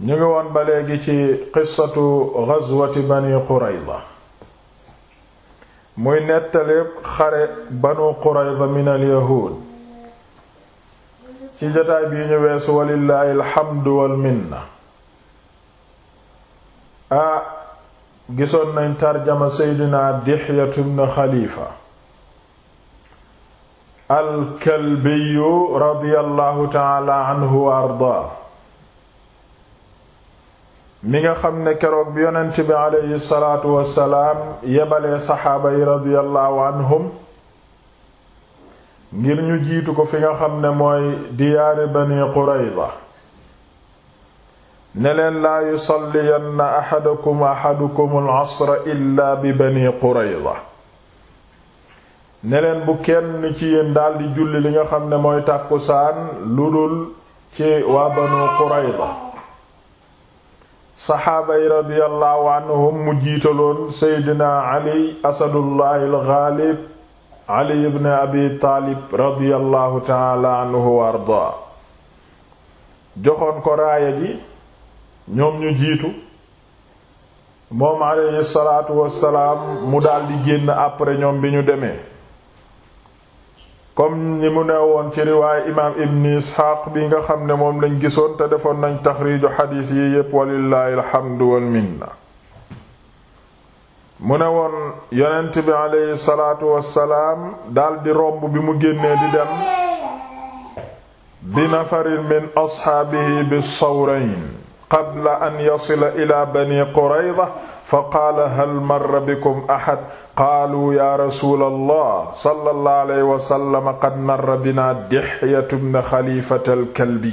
ñu ngi woon ba léegi ci qissatu ghazwati bani qurayza muy nettali xare banu qurayza min al yahuud ci jotaay bi ñu weesu walillaahi alxamdu wal minna a gisoon nañ tarjama seydina dixyatu bnu xalifa al kalbiyu radiyallahu taala anhu wa ardaa mi nga xam ne keroog bi yonent bi aleyhi salaatu yebalee saxaaba yi radiyallahu ngir ñu jiitu ko fi nga xam ne mooy diyaari bani qurayza neleen leen laa yusalliyanna axadakum axadakum al-asra illaa bi bani qurayza ne leen bu kenn ci yéen daldi julli li nga xam ne mooy tàkkusaan lu dul ci waa banu qurayza saxaaba yi radiyallahu mu jiitaloon seydina ali asadullahi alxaalib ali ibn abi taalib radiyallahu taala anhu ardaa joxoon ko raaya ji ñoom ñu jiitu moom alayhi salaatu wassalaam mu daldi génn après ñoom bi ñu demee comme ni mu ne woon ci riwaay imaam ibn isxaaq bi nga xam ne moom lañ gisoon te defoon nañ taxriiju xadiis yi yépp walillaahi alxamdu wal minna mu ne woon yonent bi aleyhi salaatu wassalaam daldi romb bi mu génnee di dem bi nafarin min asxaabihi bi sawrayn qabla an yasila ila bani qurayda fa qaala hal marra bikum ahad qaalu ya rasul allah sallallahu alayhi wa sallam qad marra bina dihyatu bna xalifata alkalbi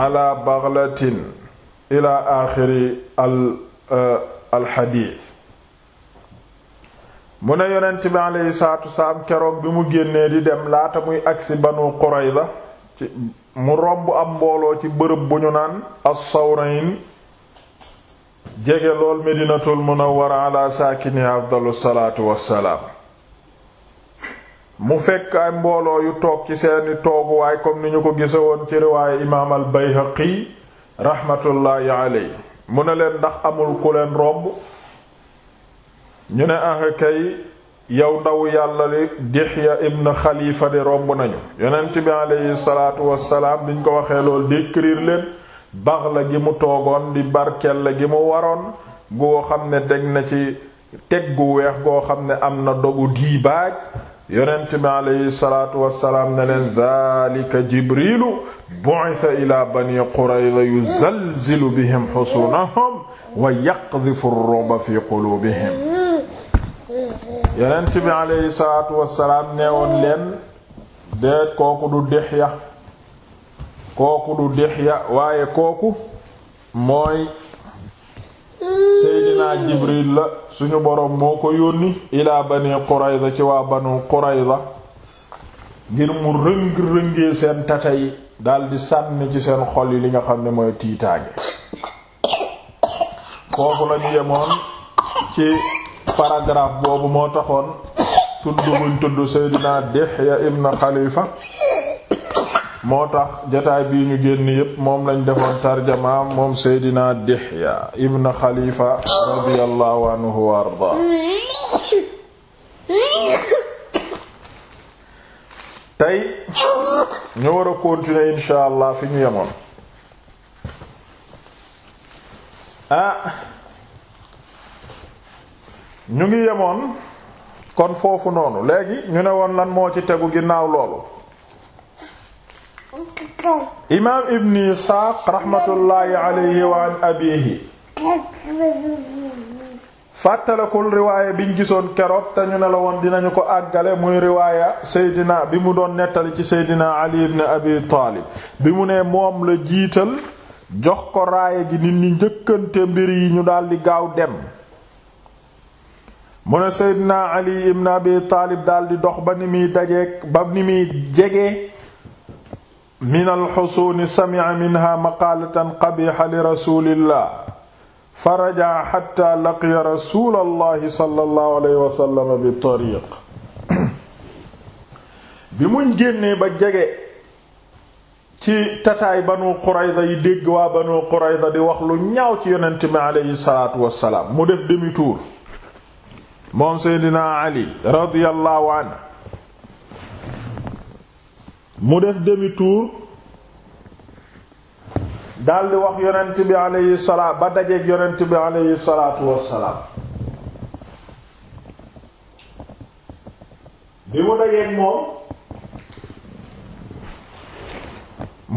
ala baglatin ila axiri alxadiis uh, mu ne yonent bi aleyhi salaatu wasalaam keroog bi mu génnee di dem laata muy agsi banu Qurayza ci mu romb am mbooloo ci bërëb bu ñu naan as-Sawrayn jege lool medinatul munawwara ala saakini afdalu salaatu wassalaam mu fekk ay mbooloo yu toog ci seeni tooguwaay comme ni ñu ko gisa woon ci riwaaye imaam al bayhaqi raxmatullaahi aley mu ne leen ndax amul ku leen romb ñu ne ah kay yow ndaw yàlla li dixya ibn xalifa di romb nañu yonent bi aleyhi salaatu wassalaam diñ ko waxee lool décrire leen bax gi mu toogoon di barkel gi mu waroon goo xam ne deg na ci teg gu weex goo xam ne am na dogu diibaaj yonent bi aleyhi salaatu wassalaam ne leen daalika jibrilu bu'itha ila bani qurayza yuzalzilu bihim xusunahum wa yaqdhifu ar-ru'ba fi qulubihim yonent leen déet kooku du Dihya kooku du Dihya waaye kooku mooy Seydina Jibril la suñu boroom moo ko yónni ilaa Bani Qurayza ci waa Banu Qurayza ngir mu rëng-rëngee seen tata yi daldi sànni ci seen xol yi li nga xam ne mooy tiitaange kooku lañu yemoon ci paragraphe boobu moo taxoon tudd buñ tudd Seydina Dihya ibn Khalifa moo tax jataay bii ñu génn yépp moom lañ defoon tarjamaam moom seydina Dihya ibn Xalifa radiyallahu anhu ardaa tey ñu war a continuer insha allah fi ñu yemoon ah, ñu ngi yemoon kon foofu noonu léegi ñu ne woon lan moo ci tegu ginnaaw loolu imaam ibn Isxaaq raxmatullaahi alayhi wa an fàttalikul riwaaya biñ gisoon keroog te ñu ne la woon dinañu ko àggale muy riwaaya Seydina bi mu doon nettali ci Seydina Ali ibn Abi Taalib bi mu ne moom la jiital jox ko raaya gi nit ñi njëkkante mbir yi ñu daldi gaaw dem mu ne Seydina Ali ibn Abi Taalib daldi dox ba ni muy dajeek ba ni muy jege min alxusuuni samica minha maqaalatan qabixa li rasulillah fa rajaca xata laqiya rasul allahi sala allahu aleyhi wasallama bi tariq bi muñ génnee ba jege ci tataay banu qurayda yi dégg waa banu qurayda di wax lu ñaaw ci yonent bi aleyhi salaatu wassalaam mu def demi-tour moom seydina ali radiyallahu anhu mu def demi-tour daldi wax yonent bi aleyhi salaat ba dajeeg yonent bi aleyhi salaatu wassalaam bi mu dajeeg moom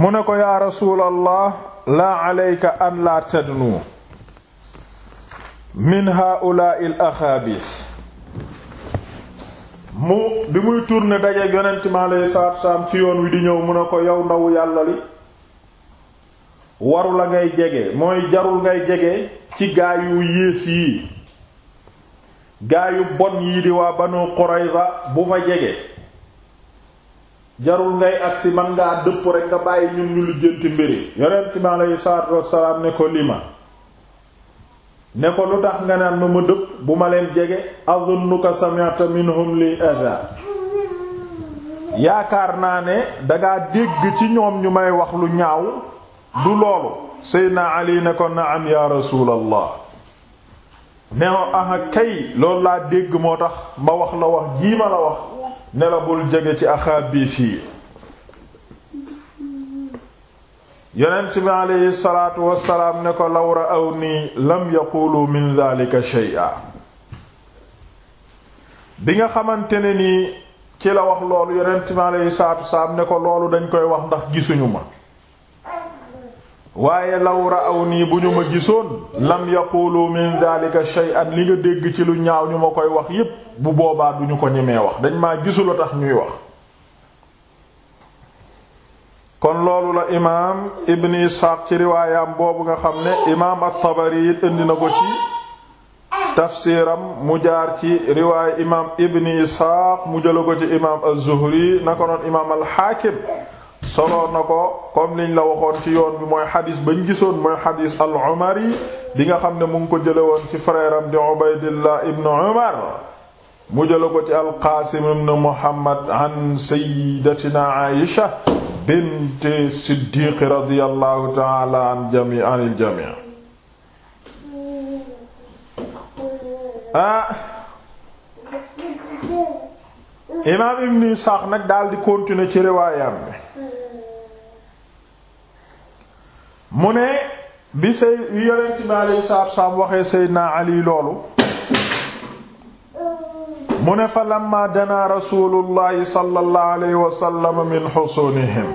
mu ne ko yaa rasuulallah laa aleyka an laa tadnu min haa'ulaa'i al-axaabiis mu bi muy turne dajeeg yonent mi alayhi salaatu salaam ci yoon wi di ñëw mu ne ko yow ndawu yàlla li waru la ngay jege mooy jarul ngay jege ci gaa yu yées yi gaa yu bon yii di waa Banu Qurayza bu fa jege jarul ngay agsi man ngaa dëpp rek nga bàyyi ñun ñu lijjanti mbiri yonent mi alayhi salaatu wassalaam ne ko lima ne ko lu tax nga ma ma dëpp bu ma leen jege azunnuka sami'ta minhum li adha yaakaar naa ne dangaa dégg ci ñoom ñu may wax lu ñaaw du loolu seydna ali ne ko naam ya rasuulallah ne ko aha kay loolu laa dégg moo tax ma wax la wax jii ma la wax ne jege ci axaabiis yi yonent bi aleyhi salaatu wassalaam ne ko law ra'awnii lam yaqulu min dhalika shay'a bi nga xamante ne nii ci la wax loolu yonent bi aleyhi salaatu wassalaam ne ko loolu dañ koy wax ndax gisuñu ma waaye law ra'awnii bu ñu ma gisoon lam yaqulu min dhalika shay'an li nga dégg ci lu ñaaw ñu ma koy wax yépp bu boobaa duñu ko ñemee wax dañ maa gisula tax ñuy wax kon loolu la imaam ibn Isxaaq ci riwaayam boobu nga xam ne imaam at-Tabari it indi na ko ci tafsiram mu jaar ci riwaay imaam ibn Isxaaq mu jëla ko ci imaam az-Zuhri na ko noon imaam al-Haakim soloon na ko comme liñ la waxoon ci yoon bi mooy xadis bañ gisoon mooy xadis al-Umari bi nga xam ne mu ngi ko jële woon ci frère am di Ubaydillah ibn Umar mu jëla ko ci al-Qaasim ibn Muhammad an sayyidatina Aïsha binti siddiq radiyallahu taala an jami anil jami ah imaam ibn Isaaq nag daal di ci riwaayam bi mu ne bi say yonent bi alayhi salaatu wa salaam waxee Seydina Ali loolu mu ne fa lamma danaa rasulullahi sallallahu alayhi wa sallam min xusunihim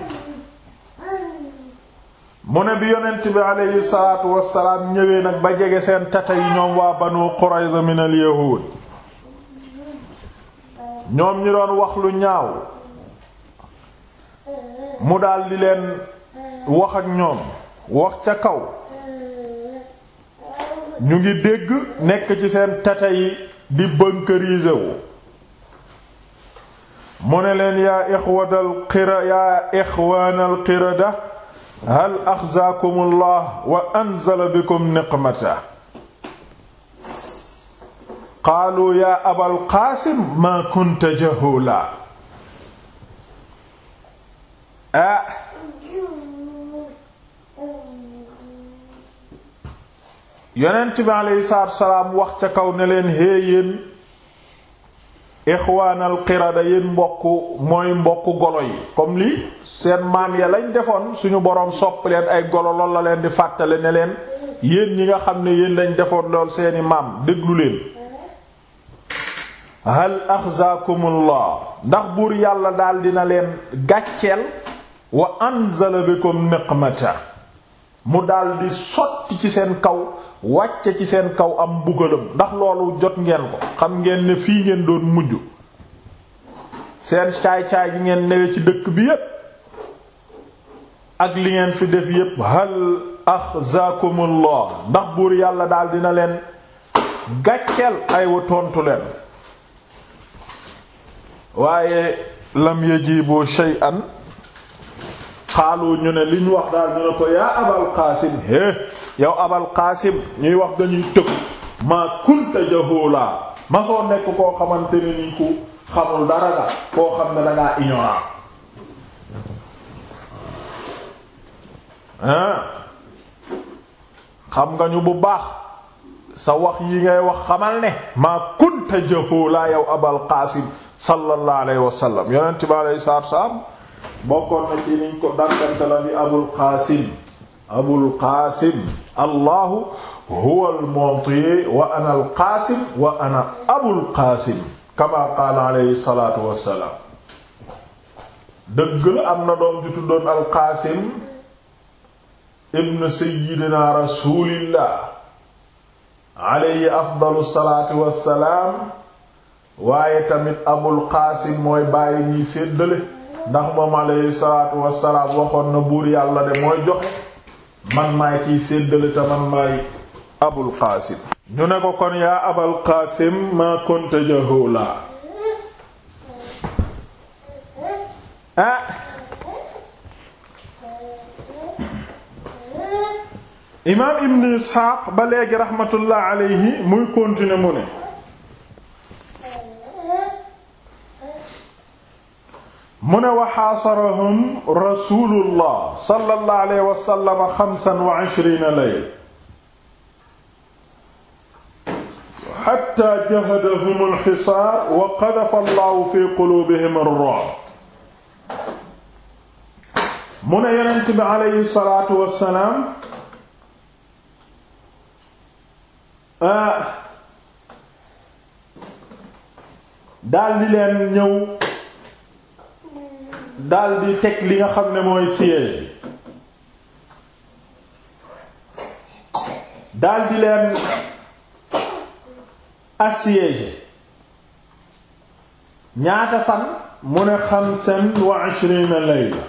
mu ne bi yonent bi alayhi salaatu wasalaam ñëwee nag ba jege seen tata yi ñoom waa banu Qurayza min al yahuud ñoom ñi doon wax lu ñaaw mu daldi leen wax ak ñoom wax ca kaw ñu ngi dégg nekk ci seen tata yi di bënkërise wu mu ne leen yaa ixwatal qira yaa ixwaanal qirada hal axzaakumullah wa anzala bikum niqmata qaalu yaa abal qaasim maa kunta jahula ah yonent bi aleyhi salaatu salaam wax ca kaw ne leen hee yéen ixwaanal qirada yéen mbokk mooy mbokk golo yi comme lii seen maam ya lañ defoon suñu boroom sopp leen ay golo lool la leen di fàttale ne leen yéen ñi nga xam ne yéen lañ defoon lool seeni maam déglu leen hal axzaakumullah ndax buur yàlla daal na leen gàcceel wa anzala bikum niqmata mu daldi sotti ci seen kaw wàcce ci seen kaw am mbugalam ndax loolu jot ngeen ko xam ngeen ne fii ngeen doon mujj seen caay-caay gi ngeen newe ci dëkk bi yépp ak li ngeen fi def yépp hal axzaakumullah ndax buur yàlla daal dina leen gàcceel aywa tontu leen waaye lam yajibu shay'an xaalu ñu ne liñ wax daal ñu ne ko yaa abal qaasim hé yow abal qaasim ñuy wax dañuy tëb maa kunta jahoola ma soo nekk koo xamante ne ni ku xamul dara nga koo xam ne dangaa ignorant ah xam nga ñu bu baax sa wax yi ngay wax xamal ne maa kunta jahoola yow abal qaasim sallallahu alayhi wa sallam yonent bi salaam bokkoon na ci niñ ko dàkkante la bi abul qaasim abul qaasim allahu huwa al-mu'ti wa ana al wa ana abul qaasim kama qaala alayhi salaatu wassalaam dëgg la am na doom ju tuddoon al-qaasim ibn sayyidina rasulillah alayhi afdalu salaatu wassalaam waaye tamit abul qaasim mooy bàyyi ñiy séddale ndax moom alayhi salaatu wassalaam waxoon na buur yàlla de mooy joxe man maay kiy séddale te man maay abul qaasim ñu ne ko kon yaa abal qaasim maa kunta jahula ah imaam ibn isxaaq ba léegi raxmatullah alayhi muy continuer mu ne mu ne waxaasarahum rasulullah sallallahu alayhi wa sallam xamsan wa ishriina layla xatta jahadahum alxisaar wa qadafa allahu fi quluubihim ar-ru'b mu ne yonent bi alayhi salaatu wassalaam ah, daldi leen ñëw daldi teg li nga xam ne mooy siège bi daldi leen assiégé ñaata fan mu ne xamsan wa ishrina layla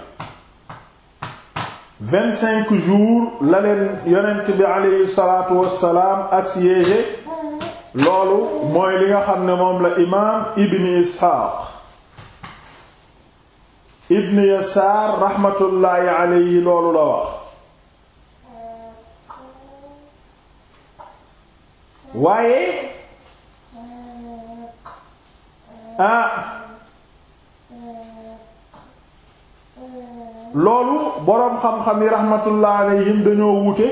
vingt-cinq jours la leen yonent bi aleyhi salaatu wassalaam assiégé loolu mooy li nga xam ne moom la imaam ibni isxaaq ibn yasaar raxmatullaahi yi loolu la wax waaye ah loolu boroom xam-xam yi raxmatullaahi alayhim dañoo wuute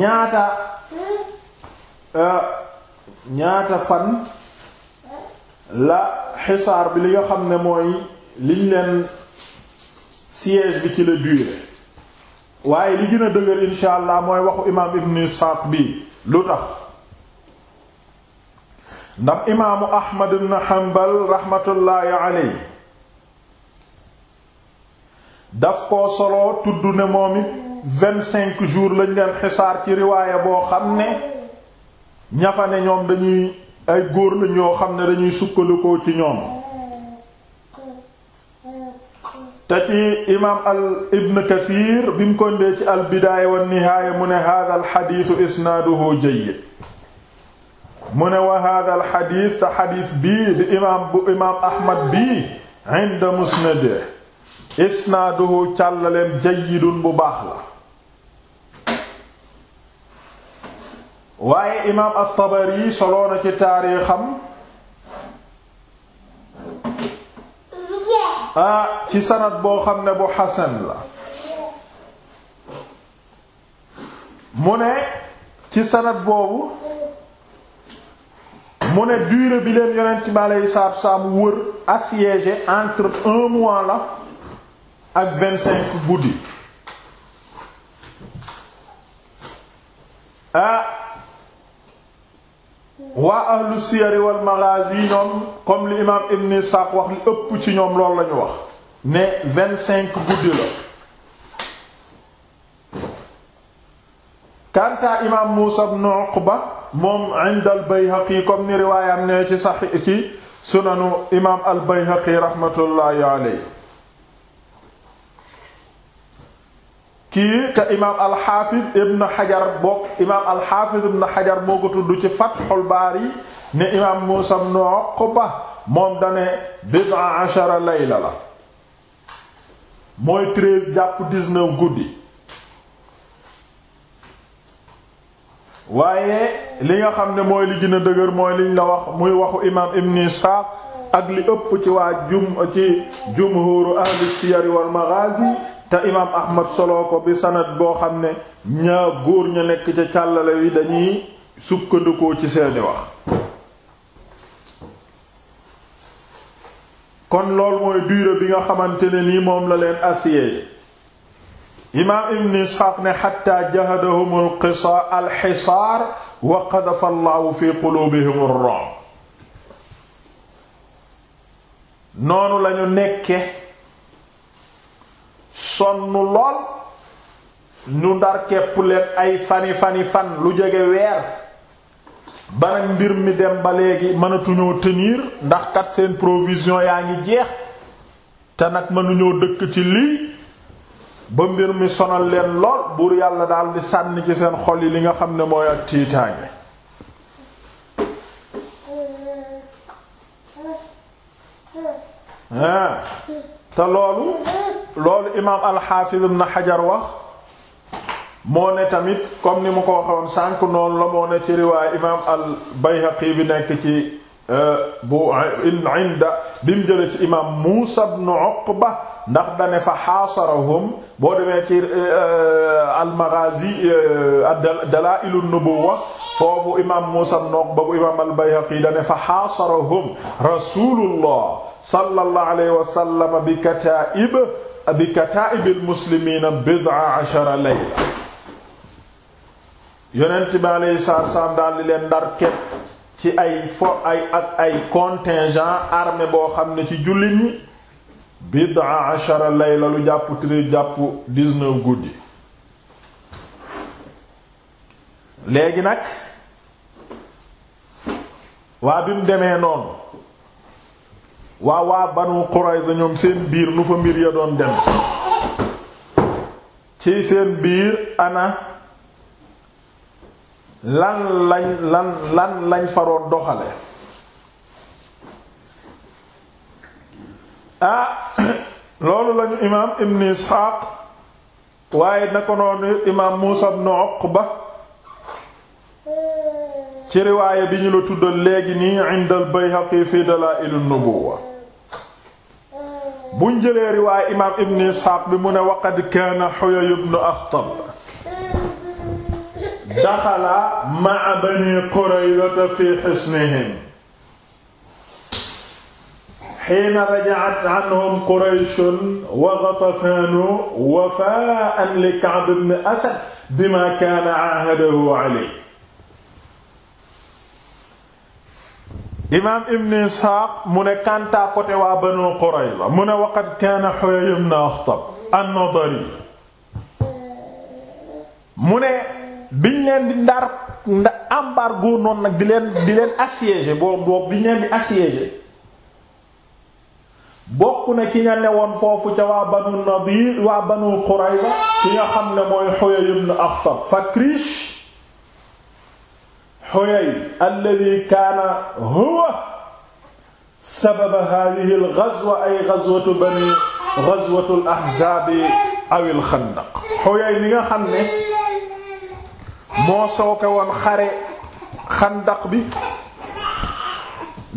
ñaata ah, ñaata fan la xisaar bi li nga xam ne mooy liñ leen siège bi ci la durée waaye li gën a dëgër insha mooy waxu imaam ibn Isxaaq bi lu tax ndax imaamu Ahmad ibn Hanbal rahmatullaahi alayhi daf koo solo tudd ne moom it vingt-cinq jours lañ leen xisaar ci riwaaya boo xam ne ñafa ne ñoom dañuy ay góor la ñoo xam ne dañuy sukkandikoo ci ñoom te ci imaam al ibn kathir bi mu ko ndee ci al bidaaya wa nihaaya mu ne hàdda xadiisu isnaaduhu jayyid mu ne wa hàdda xadiis te xadiis bii di imaam bu imaam ahmad bii inda musnade isnaaduhu càllaleem bu baax la waaye imaam at-Tabari soloo na ci taarixam ah ci sanad boo xam ne bu xasan la mu ne ci sanad boobu mu ne durée bi leen yonent bi aleyhi salaatu salaam wër assiégé entre un mois la ak vingt-cinq guddi ah waa ahlu siyari wal maghazi ñoom comme li imaam Ibn Isxaaq wax li ëpp ci ñoom loolu lañu wax ne vingt-cinq guddi la kanta imaam Muusa ibn Uqba moom inda al Bayhaqi comme ni riwaayam ne ci sax ci sunanu imaam al raxmatullaahi alayhi kii te imaam alxaafiz ibn xajar bokk imaam alxaafiz ibn xajar moo ko tudd ci Fathul Baari ne imaam Muusaa ibn Uqba moom dane bid'a ashara layla la mooy treize jàpp dix guddi waaye li nga xam ne mooy li gën dëgër mooy liñ la wax muy waxu imaam ibn Isxaaq ak li ëpp ci waa jum ci jumhuuru ahli siyar wal maghaazi te imaam bi sanad boo xam ne góor ña nekk ca càllale wi dañuy sukkandikoo ci seeni wax kon lool mooy durée bi nga xamante ne nii moom la leen assiégé imaam ibn isxaaq ne xatta jahadahum alqisa alxisaar wa qadafa fi qulubihim ar noonu lañu nekke sonn lool ñu ndar kepp leen ay fani fani fan lu jege weer ba nag mbir mi dem ba léegi mënatuñoo tenir ndax kat seen provision yaa ngi jeex te nag mënuñoo dëkk ci lii ba mbir mi sonal leen lool buur yàlla daal di sànni ci seen xol yi li nga xam ne mooy ak tiitaange ah te loolu loolu imaam alxaafiz ibn xajar wax moo ne tamit comme ni mu ko waxoon sànq noonu la moo ne ci riwaay imaam al bayhaqi bi nekk ci euh, bu inda bi mu jële ci imaam muusa ibn uqba ndax dane fa xaasarahum boo demee ci euh, almaghazi euh, dalailu nubuwa foofu imaam muusa ibn uqba bu imaam al bayhaqi dane fa xaasarahum rasulullah sallallahu alayhi wa sallam bi kataa'ib bi kataa'ibil muslimiina bid'a ashara layla yonent bi alayhi salaatu wa leen ndar ci ay fo ay ak ay contingent armé boo xam ne ci jullit ñi bid'a ashara layla lu jàpp tiri jàpp dix guddi léegi nag waa bi demee noonu waa waa Banu Qurayza ñoom seen biir nu fa mbir ya doon dem ci seen biir ana lan lañ lan lan lañ faroon doxale ah loolu lañu imaam ibn Isxaaq waaye na ko noonu imaam Muusa ibn Uqba ci riwaaya bi ñu la tuddal léegi nii indal Bayhaqi fi Dalaa'il an-Nubuwwa buñ jëlee riwaaya imaam Ibn Isxaaq bi mu ne waqad kaana Huyay ibn Akhtab daxala ma'a bani Qurayza fi hisnihim hiina raja'at anhum Quraysh wa Ghatafaan wafaa'an li Ka'b ibn Asad bimaa kaana 'aahadahu 'alayhi imaam ibn isxaaq mu ne kàntaa côté waa banu qurayza mu ne waqad kaana huyay ibn akhtab an-nadari mu ne biñ leen di ndar nda embargo noonu nag di leen di leen assiégé boobu biñ leen di assiégé bokk na ci ña newoon foofu ca waa banu nadir waa banu qurayza ci nga xam ne mooy huyay ibn akhtab fakrish Huyay alladi kaana huwa sababa haadihi al-ghazwa ay ghazwatu bani ghazwatu al-ahzaab aw al-khandaq Huyay mi nga xam ne moo sooke woon xare xandaq bi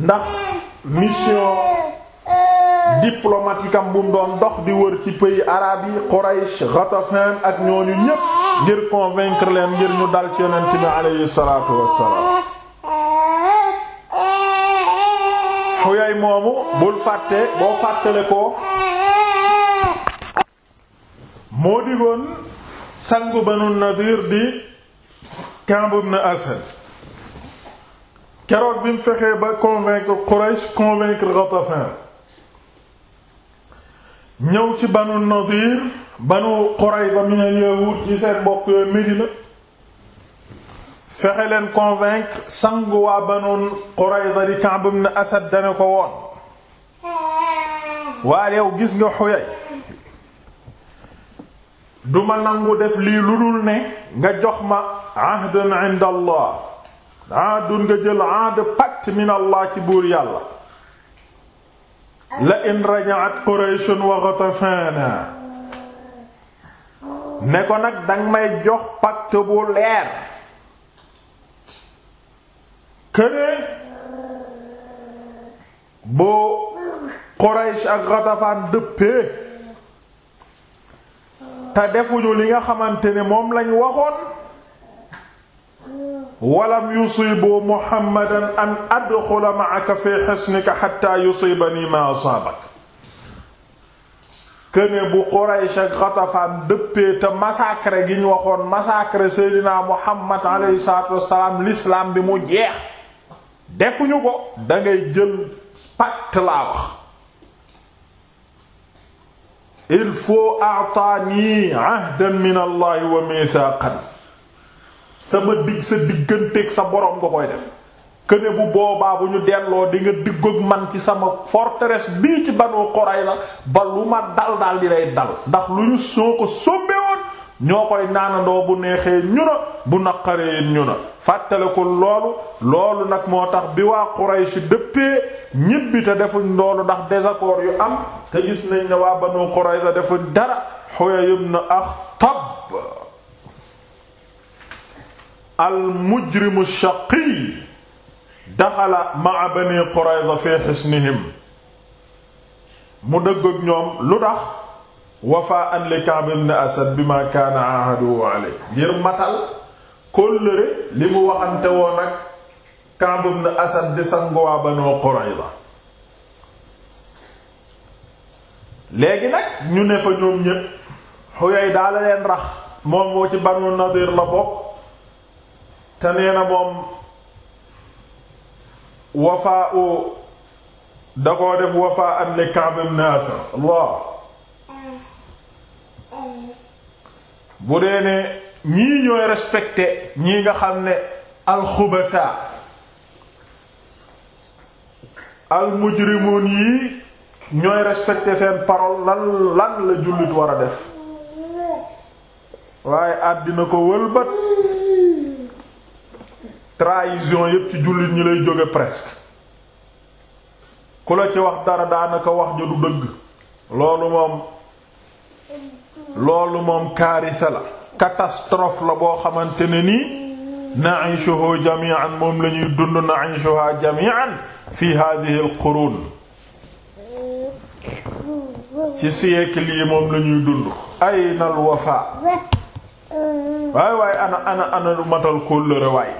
ndax mission diplomatique am bu mu doon dox di wër ci pays arabe yi Quraysh ak ñooñu ñépp ngir convaincre leen ngir ñu dal ci yonent bi alayhi salaatu wassalaam Huyay moomu bul fàtte boo fàttale ko moo digoon sangu Banu Nadir di Ka'b ibn keroog bi fexee ba convaincre Quraysh convaincre Ghatafan ñëw ci banu Nadir banu Qurayza min al-yahuud ci seen bokk yooyu Medina fexe leen convaincre sangu waa banu Qurayza di Ka'b ibn Asad dana ko woon waaye yow gis nga Huyay duma nangu def lii lu dul ne nga jox ma ahdun inda Allah ahdun nga jël ahd pacte min Allah ci buur yàlla la in rajaat qurayshun wa ghatafana ne ko nag danga may jox pacte bu leer këne boo quraysh ak ghatafan dëppee te defuñu li nga xamante ne moom lañ waxoon walam yusibu muhammadan an adxula ma'aka fi xisnika xatta yusibani ma asaabak këne bu Quraysh ak dëppee te massacre gi ñu waxoon massacre Seydina Muhammad alayhi salaatu wassalaam l'islam bi mu jeex defuñu ko dangay jël pacte laa wax il faut a'tani ahdan min Allah wa mithaqan sama dig sa digganteek sa borom nga koy def këne bu boobaa bu ñu delloo di nga diggoog man ci sama forteresse bii ci Banu Qurayza ba lu ma dal daal lay dal ndax lu ñu soo ko sómbewoon ñoo koy naanandoo bu neexee ñu bu naqaree ñu na fàttale ko loolu loolu nag moo tax bi waa Quraysh dëppee ñibbi te defuñ loolu ndax desakoor yu am te gis nañ ne waa Banu Qurayza defuñ dara Huyay ibn Akh almujrimu shaqiy daxala maa bani qurayza fi xisnihim mu dëgg ñoom lu tax wafaan li Ka'b ibn Asad bi ma kaana ahadu alay ngir matal kóllëre li mu waxante woon ak Ka'b ibn Asad di sanguwaa Banu Qurayza léegi nag ñu ne fa ñoom ñépp Huyay daala leen rax moom ci Banu Nadir la bokk te nee moom wafaa u da koo def wafaa an li Ka'b ibn Asad bu dee ne ñii ñooy respecté ñii nga xam ne alxubasa almujrimun yi ñooy respecté seen parole lan lan la jullit war a def waaye àddina ko wëlbat trahison yépp ci jullit ñi lay jóge presque ku la ci wax dara daanaka wax ja du dëgg loolu moom loolu moom kaarisa la catastrophe la boo xamante ne nii na'ishuhu jami'an moom la ñuy dund na'ishuha jami'an fi hadhihi al-qurun ci siècle yi moom lañuy ñuy dund ayna al-wafa waay ana ana ana matal kóllëre waay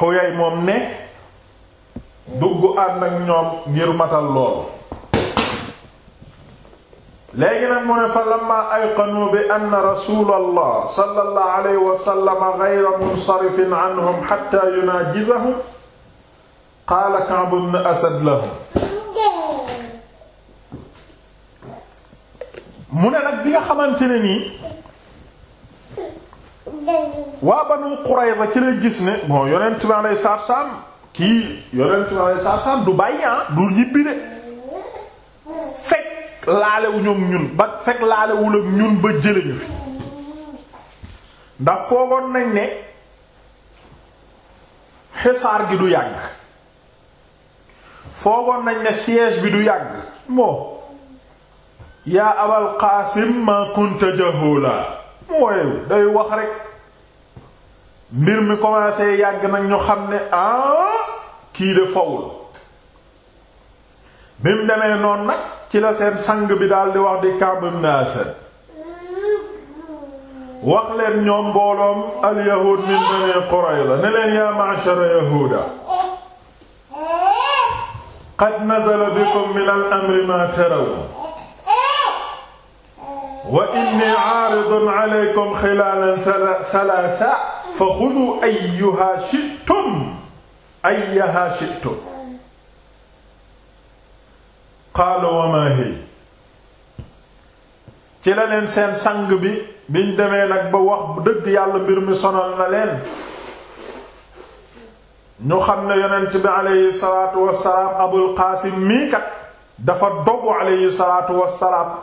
xuyay moom ne dugg ànd ak ñoom ngir matal loolu léegi nag mu ne fa lamma ayqanu bi anna rasulallah sallallahu alayhi wa sallam ghayra munsarifin anhum hatta yunaajizahum qaala Ka'b ibn Asad lahum mu ne nag bi nga xamante ne nii waa Banu Qurayza ci lay gis ne bon yonent bi alayhi salaatu salaam kii yonent bi alayhi salaatu salaam du bàyyi ah, du ñibbi de fekk laalewuñu ak ñun ba fekk laalewul ak ñun ba jële fi ndax foogoon nañ ne xisaar gi du yàgg foogoon nañ ne siège bi du yàgg moo yaa abal qaasim ma kunta jahula mooy day wax rek mbir mi commencé yàgg nag ñu xam ne ah kii de fawul bi mu demee noonu nag ci la seen sang bi daal di wax di Ka'b ibn Asad wax leen ñoom mbooloom al min bani Qurayza ne leen yaa ma'shara yahuuda qad nazala bikum min al ma taraw wa inni 'aaridun 'alaykum khilaalan thalaatha fa xudu ayyuha shi'tum ayyaha shi'tum qaala wa maa hiya ci la leen seen sang bi biñ demee nag ba wax dëgg yàlla mbir mi sonal na leen ñu xam ne yonent bi aleyhi salaatu wassalaam abul qaasim mii kat dafa dogu aleyhi salaatu wassalaam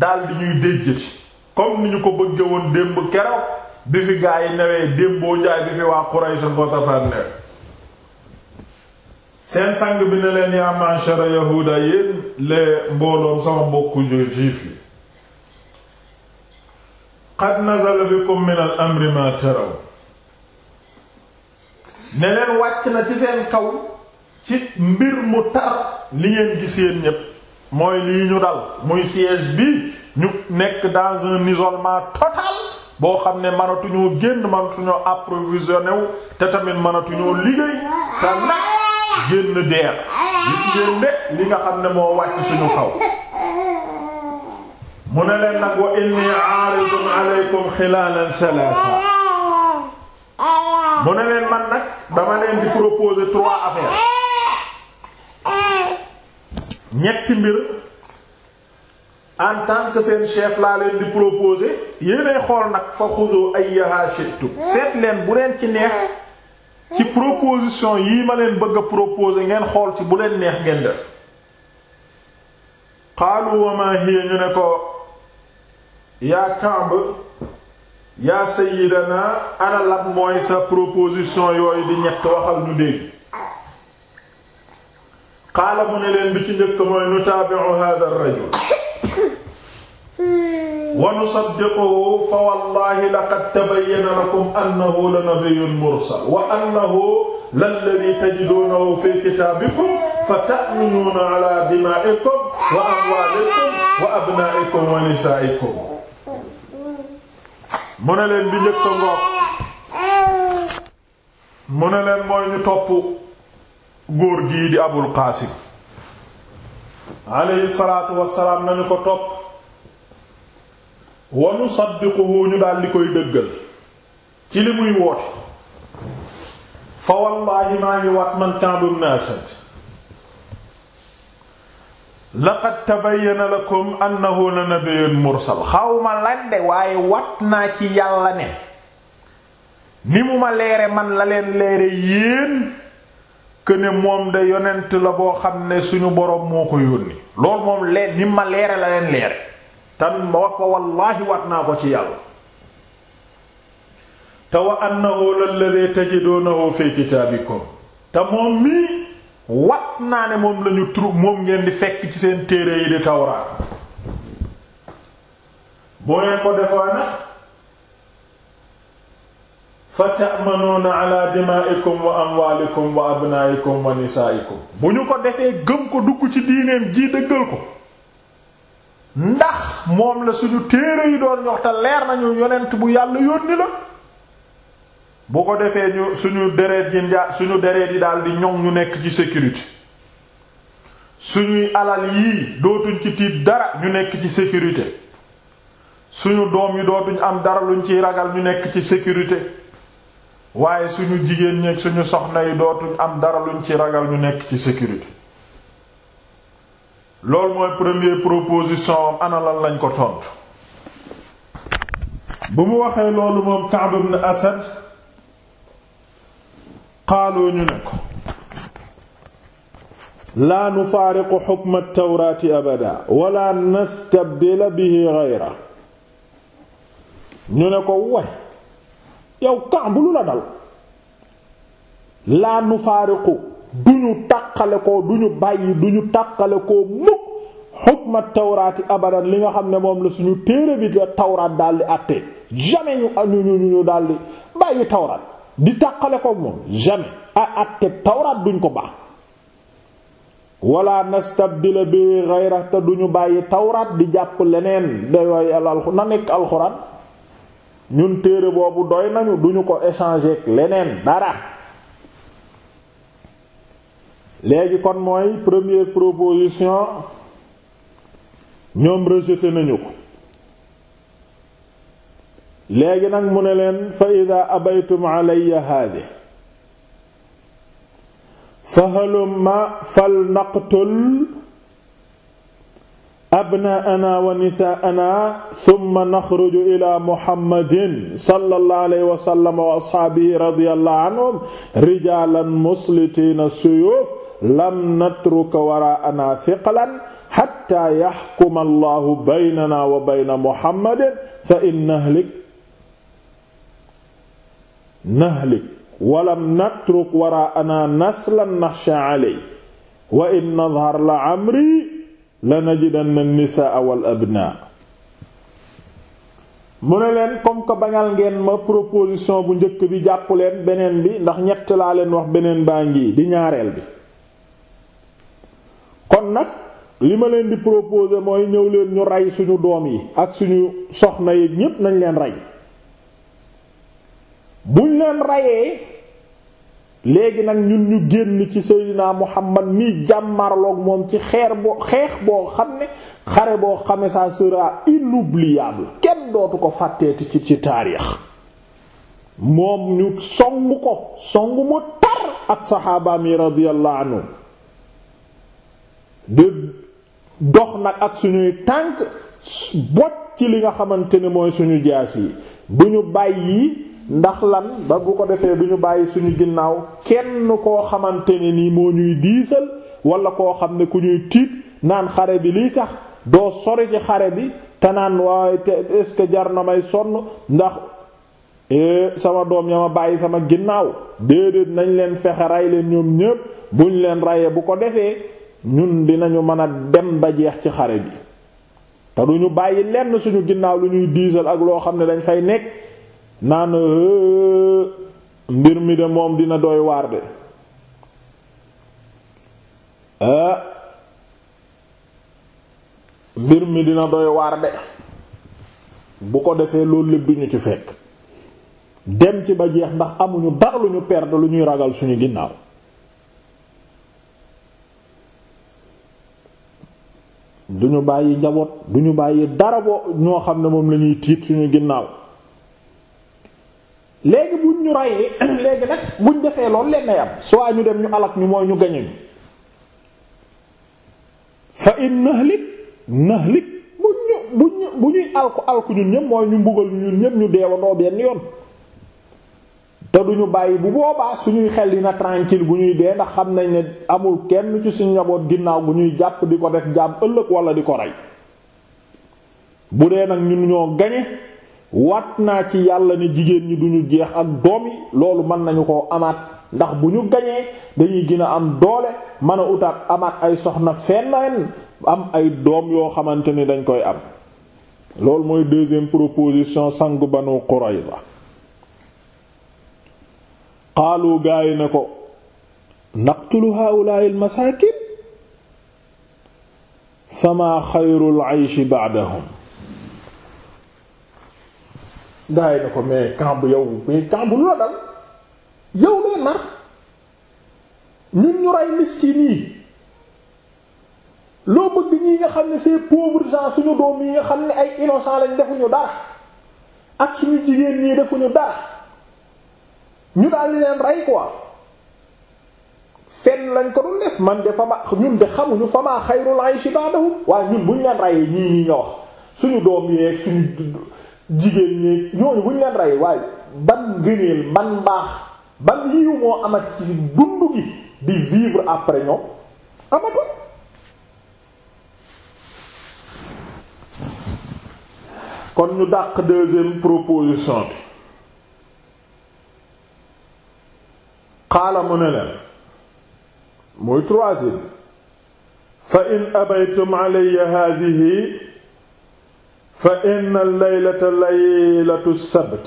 daldi ñuy déjjati comme ni ñu ko bëgge woon démb keroog bi fi gaa yi newee démboo njaay bi fi waa Quraysh Ghatafan ne seen sang bi ne leen yaa ma'shara yahuda yéen lee mbooloom sama mbokku juif yi qad nazala bikum min al amri ma taraw ne leen wàcc na ci seen kaw ci mbir mu tar li ngeen gis yéen ñépp mooy lii ñu dal muy siège bi ñu nekk dans un isolement total boo xam ne mënatuñoo génn mënatuñoo approvisionné wu te tamit mënatuñoo liggéey te nag génn deer gis ngeen de li nga xam ne moo wàcc suñu kaw mu ne leen nag wa inni aaridun alaykum xilaalan salaasa mu ne leen man nag dama leen di proposer trois affaires ñetti mbir en tant que seen chef laa leen di proposer yéenay xool nag fa xudu ayyaha shittu seet leen bu leen ci neex ci proposition yii ma leen bëgg a proposer ngeen xool ci bu leen neex ngeen def qaalu wa ma hiya ñu ne ko yaa Ka'b yaa sayyidana ana lan mooy sa proposition yooyu di ñett waxal ñu dégg qaala mu ne leen bi ci njëkk mooy nutaabi'u hadha ar-rajul wa nusaddiquhu fa wallahi laqad tabayyana lakum annahu lanabiyyun mursal wa annahu lalladhi tajidunahu fi kitaabikum fata'minuna ala dimaa'ikum wa amwaalikum wa abnaa'ikum wa nisaa'ikum mu ne leen bi njëkk ngoog mu ne leen mooy ñu topp góor gii di Abul Qaasim alayhi salaatu wassalaam nañu ko topp wa nusaddiquhu ñu daldi koy dëggal ci li muy woote fa wallaahi maa ngi waat man Ka'b ibn na laqad tabayyana lakum annahu la nabiyyun mursal xawma lan de waaye wat naa ci yàlla ne ni mu ma leere man la leen leere yéen que ne moom de yonent la boo xam ne suñu boroom moo ko yónni loolu moom leen ni ma leere la leen leere tamit ma wax fa wallaahi waat naa ko ci yàlla te wa annahu lalladhi tajidunahu fi kitaabikum te moom mii wat naa ne moom lañu tru moom ngeen di fekk ci seen téere yi di tawraat boo leen ko fa ta'manuuna ala dimaa'ikum wa amwaalikum wa abnaa'ikum wa nisaa'ikum bu ñu ko defee gëm ko dugg ci diineem ji dëggal ko ndax moom la suñu téere yi doon ñox te leer nañu yonent bu yàlla yónni la bu ko defee ñu suñu deret yi nja suñu deret yi daal di ñoŋ ñu nekk ci sécurité suñuy alal yii dootuñ ci tiit dara ñu nekk ci sécurité suñu doom yi dootuñ am dara luñ ciy ragal ñu nekk ci sécurité waaye suñu jigéen ñeek suñu soxna yi dootuñ am dara luñ ci ragal ñu nekk ci sécurité loolu mooy première proposition ana lañ ko tontu bu mu waxee loolu moom Ka'b ibn Asad qaalu ñu ne ko laa nufaariqu xukma at-tawraati abada wala nastabdila bihi ghayra ñu ne ko way yow Ka'b lu la dal laa nufaariqu du ñu tàqale ko du bàyyi du ñu tàqale ko mukk xukma tawraati abadan li nga xam ne moom la suñu téere bi da tawraat daldi àttee jamais ñu ñu ñu daldi bàyyi tawraat di tàqale ko moom jamais a àtte tawraat duñ ko baax wala nastabdila bi ghayra te duñu bàyyi tawraat di jàpp leneen daway al na nekk alxuraan ñun téere boobu doy nañu duñu ko échanger ak leneen dara léegi kon mooy première proposition ñoom rejeté nañu ko léegi nag mu ne leen fa ida abaytum alayya haade fa halumma fal naqtul abnaana wa nisaana thumma naxruju ila muhammadin sallallahu alayhi wa sallam wa ashaabihi radiyallahu anhum rijaalan muslitina suyuuf lam natruka waraana thiqlan hatta yahkuma allahu baynana wa bayna muhammadin fa in nahlik nahlik walam natruk waraana naslan nakhsha alay wa in nadhar la amri lanajidanna nisaa wal abnaa mu ne leen comme que ngeen ma proposition bu njëkk bi jàpp leen beneen bi ndax ñett laa leen wax beneen baa ngi di ñaareel bi kon nag li ma leen di proposer mooy ñëw leen ñu rey suñu doom yi ak suñu soxna yi ñépp nañ leen rey buñ leen reyee léegi nag ñun ñu génn ci Seydina Muhammad ni jàmmarloog moom ci xeer boo xeex boo xam ne xare boo xame ça sera inoubliable kenn dootu ko fàtteeti ci ci taarix moom ñu song ko song mu tar ak saxaabaam yi radiyallahu anhu de dox nag ak suñuy tànk bot ci li nga xamante ne mooy suñu jaas yi du ñu bàyyi ndax lan ba bu ko defee du ñu bàyyi suñu ginnaaw kenn koo xamante ne nii moo ñuy diisal wala koo xam ne ku ñuy tiit naan xare bi liy tax doo sori ci xare bi te naan waaye te est-ce que jar na may sonn ndax eh, sama doom ya ma bàyyi sama ginnaaw déedéet nañ leen fexe rey leen ñoom ñépp buñ leen reyee bu ko defee ñun dinañu mën a dem ba jeex ci xare bi te ñu bàyyi lenn suñu ginnaaw lu ñuy diisal ak loo xam ne dañ fay nekk naan mbir mi de moom dina doy waar de mbir mi dina doy waar de bu ko defee loolu lépp duñu ci fekk dem ci ba jeex ndax amuñu dara lu ñu perdre lu ñuy ragal suñu ginnaaw du ñu bàyyi njaboot du ñu bàyyi dara boo ñoo xam ne moom lañuy tiit suñu ginnaaw léegi bu ñu rayee léegi nag buñ defee loolu leen na yam soit ñu dem ñu alak ñu mooy ñu gañu fa in nahlik nahlik buñ ñu buñ ñu bu ñuy alku alku ñun ñëpp mooy ñu mbugal ñun ñëpp ñu deewandoo benn yoon duñu bàyyi bu boobaa suñuy xel dina tranquille bu ñuy dee ndax xam nañ ne amul kenn ci suñ njaboot ginnaaw bu ñuy jàpp di ko def jaam ëllëg wala di ko rey bu dee nag ñun ñoo gañe wat naa ci yàlla ne jigéen ñi duñu jeex ak doom yi loolu mën nañu koo amaat ndax bu ñu gañee dañuy gën a am doole mën a utaat amaat ay soxna feneen am ay doom yoo xamante ni dañ koy am loolu mooy deuxième proposition sangu Banu Qurayza xaalu gaa yi ne ko naqtulu haa'ulaa'i al-masaakin famaa xayrul 'ayshi ba'dahum gaa yi ne ko mais Kamb yow mais Kamb lu la dal yow lee nar ñun ñu rey miskin yi loo bëgg ñi nga xam ne ces pauvres gens suñu doom yi nga xam ne ay innocents lañ defuñu dara ak suñu jigéen ñi defuñu dara ñu daal di leen rey quoi fenn lañ ko doon def man de fama ñun de xamuñu fama xayrul ayshi ba'dahum waaye ñun buñ leen reyee ñii ñii nga wax suñu doom yeeg suñu jigéen ñeeg ñooñu buñ leen reyee waaye ban ngëneel ban mbaax ban yiw moo amati ci dund gi di vivre après ñoom amatul. kon ñu dàq deuxième proposition bi. qaala mu ne leen muy troisième fa in abaytum alayya haadihi fa inna laylata laylatu sabt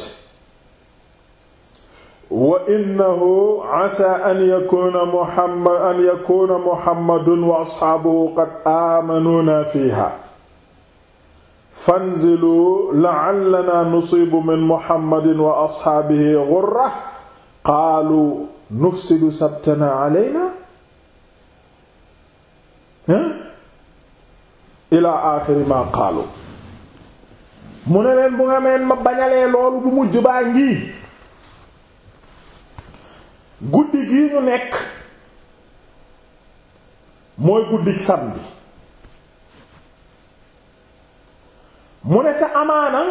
wa innahu asaa an yakuna muhammad an yakuna muhammadun wa asxaabuhu qad aamanuuna fiiha fanzilu la'allanaa nusiibu min muhammadin wa asxaabihi ghurra qaalu nufsidu sabtana aleyna ila axiri ma qaalu mu ne leen bu nga meen ma bañalee loolu bu mujj baa ngi guddi gii ñu nekk mooy guddi samedi mu ne te amaana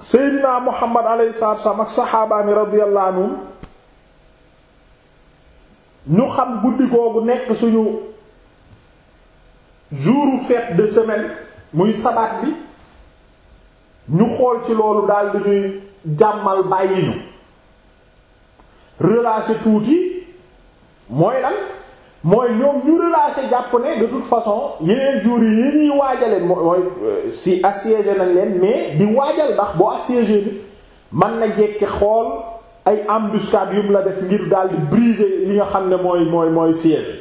seydinaa muhammad alayhi salaatu salaam ak saxaabaami radiyallahu anhum ñu xam guddi googu nekk suñu jouru fête de semaine muy sabaat bi ñu xool ci loolu daal di jàmmal bàyyi ñu relâcher tuuti mooy lan mooy ñoom ñu relâcher jàpp ne de toute façon yeneen jours yi yi ñuy waajale mooy euh, si assiégé nañ leen mais bi waajal ndax boo assiégé nit man na jekki xool ay embuscade yum la def ngir daal di briser li nga xam ne mooy mooy mooy siège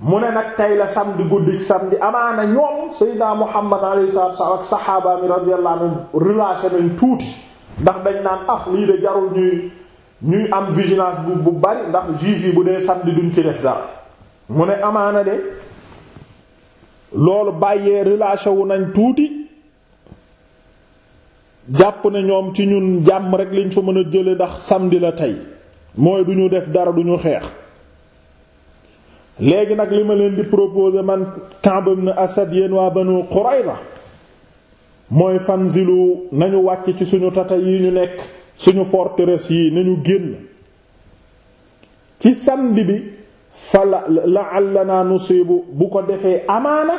mu ne nag tey la samedi guddi samedi amaana ñoom Seydina Muhammad alayhi salaatu wasallam ak saxaaba mi radiyallahu anhum relâché nañ tuuti ndax dañ naan ah lii de jarul ñuy ñuy am vigilance bu bari ndax juif yi bu dee samedi duñ ci def dara mu ne amaana de loolu bàyyee relâché wu nañ tuuti. jàpp na ñoom ci ñun jàmm rek liñ fa mën a jële ndax samedi la tey mooy duñu def dara duñu xeex léegi nag li ma leen di proposer man Ka'b ibn Asad yéen waa Banu la mooy fan fanzilu nañu wàcc ci suñu tata yi ñu nekk suñu forteresse yi nañu génn ci samedi bi fa la la'allana nusibu bu ko defee amaana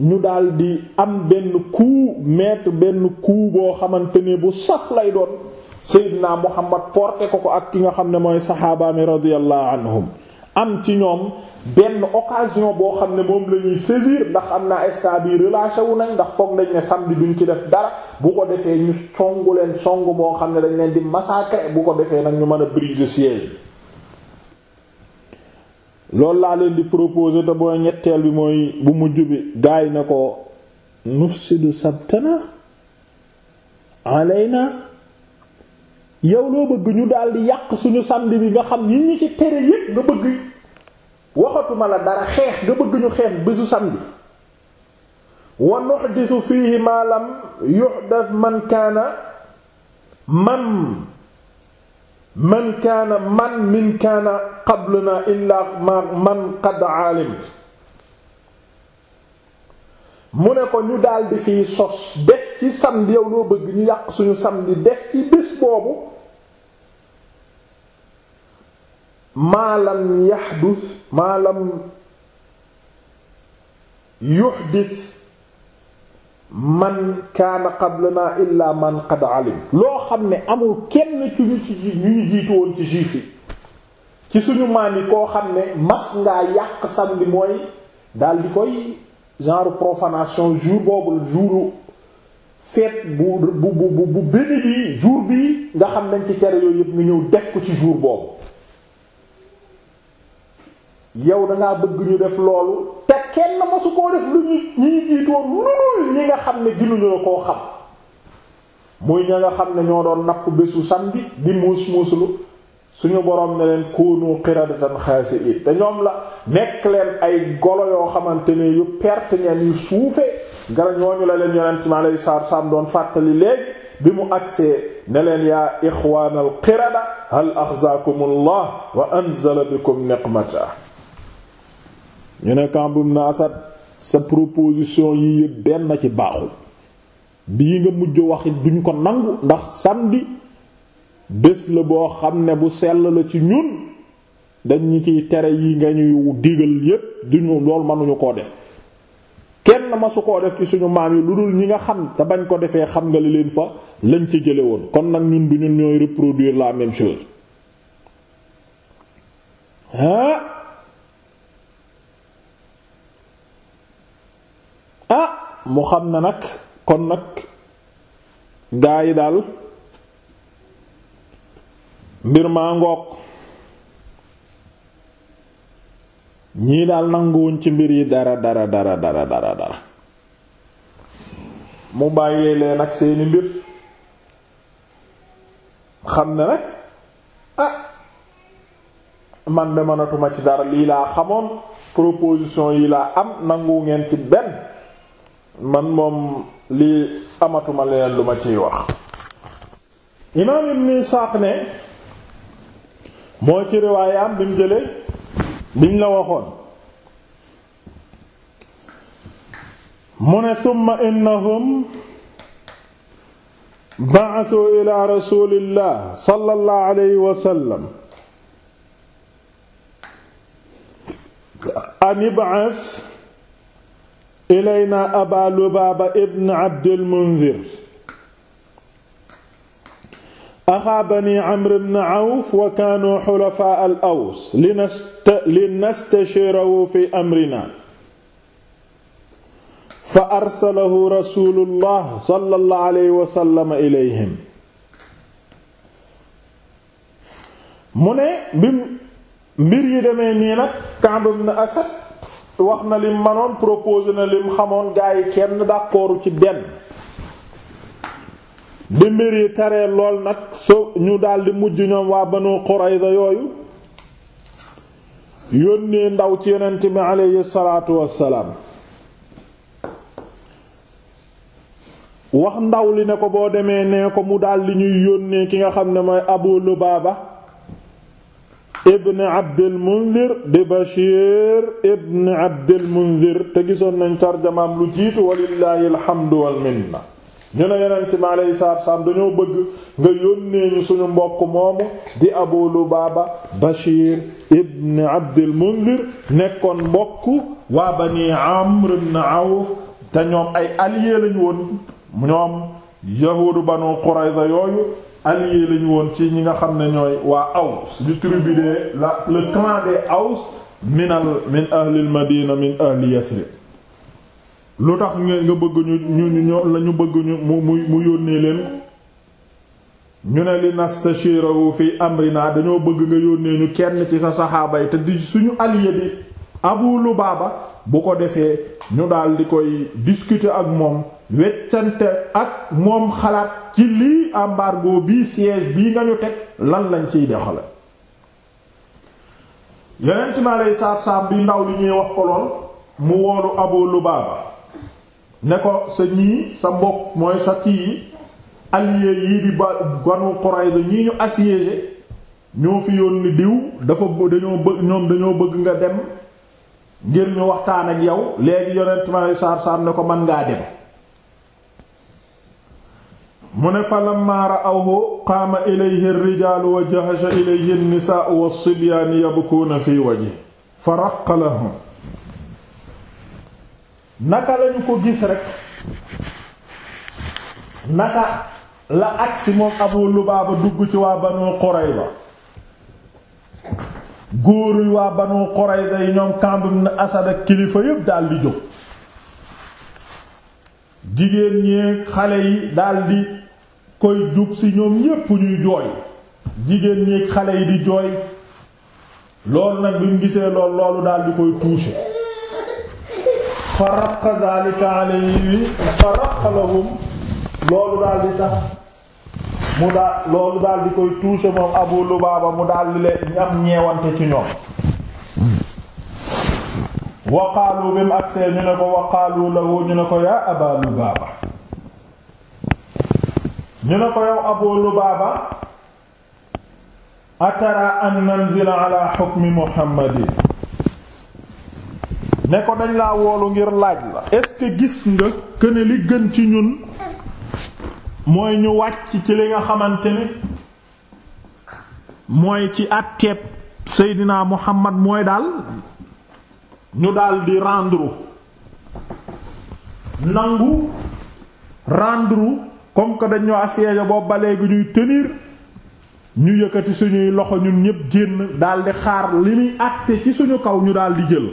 ñu daal di am benn coup mettre benn coup boo xamante ne bu saf lay doon Seydina Muhammad porté ko ko ak ki nga xam ne mooy saxaaba mi radiyallahu anhum am ci ñoom benn occasion boo xam ne moom lañuy ñuy ndax am naa instant bii relâché wu nañ ndax foog nañ ne bi ñu ci def dara bu ko defee ñu songu leen song boo xam ne dañ leen di massacrer bu ko defee nag ñu mën a briser siège loolu laa leen di proposer te booy ñetteel bi mooy bu mujj bi gaay na ko nufsidu sabtana na yow loo bëgg ñu daldi yàq suñu samedi bi nga xam yi ñi ci tere yépp nga bëgg waxatuma la dara xeex nga bëgg ñu xeex bésu samedi wa nuxdisu fiihi ma lam yuxdas man kaana mam man kaana man min kaana qablana illaa ma man qad aalim mu ne ko ñu daldi fiy sos def ci samedi yow loo bëgg ñu yàq suñu samedi def ci bés boobu maa lam yaxdus maa lam yuxdis man kaana qablana illa man qad alim loo xam ne amul kenn ci ñu ci ñu ñu jiitu woon ci juif yi ci suñu maam yi koo xam ne mas ngaa yàq samedi mooy daal di koy genre profanation jour boobu jouru fête bu bu bu bu bi jour bii nga xam nañ ci tere yooyu yëpp nga ñëw def ko ci jour boobu yow dangaa bëgg ñu def loolu te kenn su koo def lu ñu ñi ñu jiitoon lunul ñi nga xam ne ginuñu la koo xam muy ña nga xam ne ñoo doon napp bésu samedi di muus muuslu suñu boroom ne leen kóonuu xiradatan xaasi it te ñoom la nekk leen ay golo yoo xamante ne yu perte ngeen yu suufe ngara ñooñu la leen yonent mi alayhi salaatu salaam doon fàttali léegi bi mu agsee ne leen yaa ixwaanal xirada hal axzaakumullah wa anzala bikum niqmata ñu ne kambum naa asad sa proposition yi yëpp benn ci baaxul bii nga mujj waxit duñ ko nangu ndax samedi bés la boo xam ne bu sell la ci ñun dañ ñi ciy tere yi nga ñuy digal yépp duñu loolu mënuñu koo def kenn masu koo def ci suñu maam yi lu dul ñi nga xam te bañ ko defee xam nga leen fa lañ ci jële woon kon nag ñun du ñun ñooy reproduire la même chose ah Ah, mu xam ne nag kon nag gaa yi daal mbir maa ngoog ñii daal nanguwuñ ci mbir yi dara dara dara dara dara dara mu bàyyee leen ak seeni mbir xam ne nag ah man de mënatuma ci dara lii laa xamoon proposition yi laa am nangu ngeen ci benn man moom lii amatuma leen lu ma ci wax imaam ibn Isaaq ne mooy ci riwaayam bi mu jëlee la waxoon mu ne summa innahum ba'athu ila rasulillah sallallahu alayhi wa sallam an ilayna aba lubaaba ibn abdil munzir axaa bani amr ibn awf wa kaanu xulafaa al aws li nastashirahu fi amrina fa arsalahu rasulullah sallallahu alayhi wa sallam ilayhim mu ne bi mbir yi demee nii nag Ka'b ibn Asad wax na lim manoon proposé na lim xamoon gaa kenn d'accordu ci benn bi mbir yi taree lool nag so ñu daldi mujj ñoom waa Banu Qurayza yooyu yónnee ndaw ci yonent bi aleyhi salaatu wassalaam wax ndaw li ne ko boo demee nee ko mu daldi ñuy yónnee ki nga xam ne mooy Abu Lubaaba ibn abdil mundir di bashir ibn abdil mundir te gisoon nañ tarjamaam lu jiitu walillaahi alhamdu wal minna ñu ne yonent mi alayhi salaatu salaam dañoo bëgg nga yónnee ñu suñu mbokk moomu di abu lubaaba bashir ibn abdil mundir nekkoon mbokk waa bani amr ibn awf te ñoom ay alliés lañu woon ñoom yahuudu banu qurayza yooyu allié lañu woon ci ñi nga xam ne ñooy waa aw du tribu de la le clan des Aws min al min ahlil madina min ahli Yasrib lu tax nga bëgg ñu ñu ñu lañu bëgg ñu mu mu yónnee leen ñu ne li nastashiru fi amrina dañoo bëgg nga yónnee ñu kenn ci sa saxaaba yi te di suñu allié bi Abu Lubaba bu ko defee ñu daal di koy discuter ak moom weccante ak moom xalaat ci lii embargo bii siège bii nga ñu teg lan lañ ciy doxale yeneen ci ma bi ndaw li ñuy wax ko lool mu woolu Abu Lubaaba ne ko sa ñii sa mbokk mooy sa kii allié yii di Banu Qurayza ñii ñu assiégé ñoo fi yónni diw dafa dañoo bëgg ñoom dañoo bëgg nga dem ngir ñu waxtaan ak yow léegi yonent ma lay ne ko man ngaa dem mu ne falammaa ra'awhu qaama ilayhi rijaalu wa jahasha ilayhi nisaa'u wa sibyaanu yabkuuna fi wajhi fa raqqa lahum naka lañu ko gis rek naka la agsi moom Abu Lubaaba dugg ci waa Banu Qurayza góor yi waa Banu Qurayza yi ñoom Kaab ibn Asad ak kilifa yépp daldi jóg jigéen ñi xale yi daldi koy jub ñoom ñépp ñuy jooy jigéen ñi xale yi di jooy loolu nag buñ gisee lool loolu daldi koy touché fa raqa dhalika alayhi fa raqa lahum loolu daal mu daal loolu daal moom Abu Lubaaba mu daal leen am ñeewante ci ñoom waqaalu bi mu ñu ne ko waqaalu lahu ñu ne ko yaa Aba Lubaaba ñu ne ko yow Abu Lubaaba atara an nanzila ala xukmi Muhammadin ne ko dañ laa woolu ngir laaj la est gis nga këne li gën ci ñun mooy ñu wàcc ci li nga xamante ni mooy ci àtteeb Seydina Muhammad mooy daal ñu daal di rendre nangu rendre comme que dañoo assiégé boobu ba léegi ñuy tenir ñu yëkkati suñuy loxo ñun ñépp génn daldi xaar li muy àtte ci suñu kaw ñu daldi jël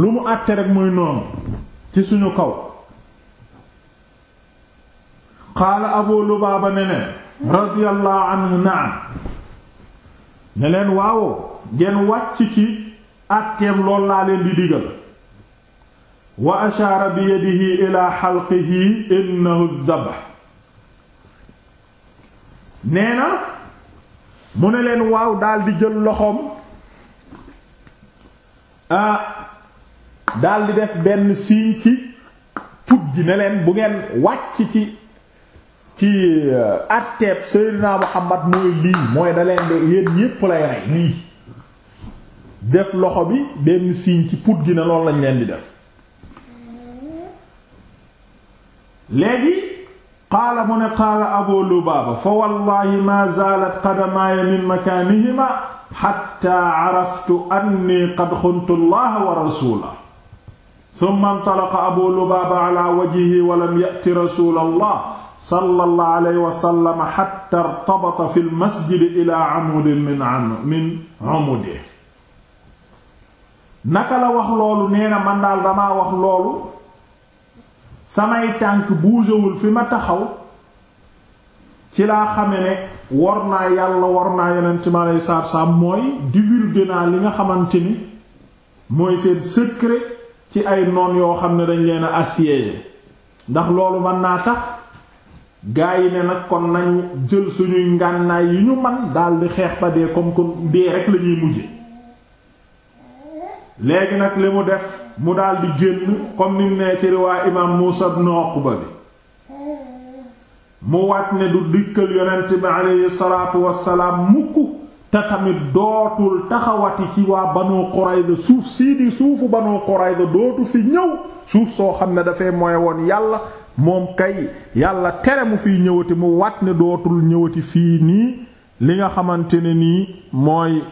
lu mu àtte rek mooy noonu ci suñu kaw qaala Abu Lubaaba ne ne radiyallahu anhu na'am ne leen waawoo ngeen wàcc ci àtteem lool laa leen di digal wa ashaara bi yadihi ila halqihi innahu dhabh nee na mu ne leen waaw daldi jël loxoom ah daldi def benn signe ci put gi ne leen bu ngeen wàcc ci ci euh, atteeb Seydina Muhammad mooy lii mooy da leen de yépp lay rey lii def loxo bi benn signe ci put gi ne loolu lañ leen di def léegi qaala mu ne qaala abu lubaaba fa wallahi maa zaalat qadamaaya min makaanihima xatta caraftu anni qad xuntu allaha wa rasuulahu summa intalaqa abu lubaaba ala wajhihi wa lam ya'ti rasuulallah sallallahu alayhi wa sallam xatta irtabata fi lmasjidi ilaa camudin min camudihi naka la wax loolu nee na man daal damaa wax loolu samay tànk buujewul fi ma taxaw ci laa xame ne war naa yàlla war naa yeneen ci ma lay saar saam mooy divulguer naa li nga xamante ni mooy seen secret ci ay noon yoo xam ne dañ leen a ndax loolu man naa tax gaa yi ne nag kon nañ jël suñuy ngànnaay yi ñu man daldi xeex ba dee comme comme dee rek lañuy mujje léegi nag li mu def mu daldi di génn comme ni mu nee ci riwaay imaam Muusa ibn Uqba bi mu waat ne du dikkal yonent bi aleyhi salaatu wassalaam mukk te tamit dootul taxawati ci waa Banu Qurayza suuf sii di suufu Banu Qurayza dootu fi ñëw suuf soo xam ne dafay mooy woon yàlla moom kay yàlla tere mu fiy ñëwati mu waat ne dootul ñëwati fii nii li nga xamante ne nii mooy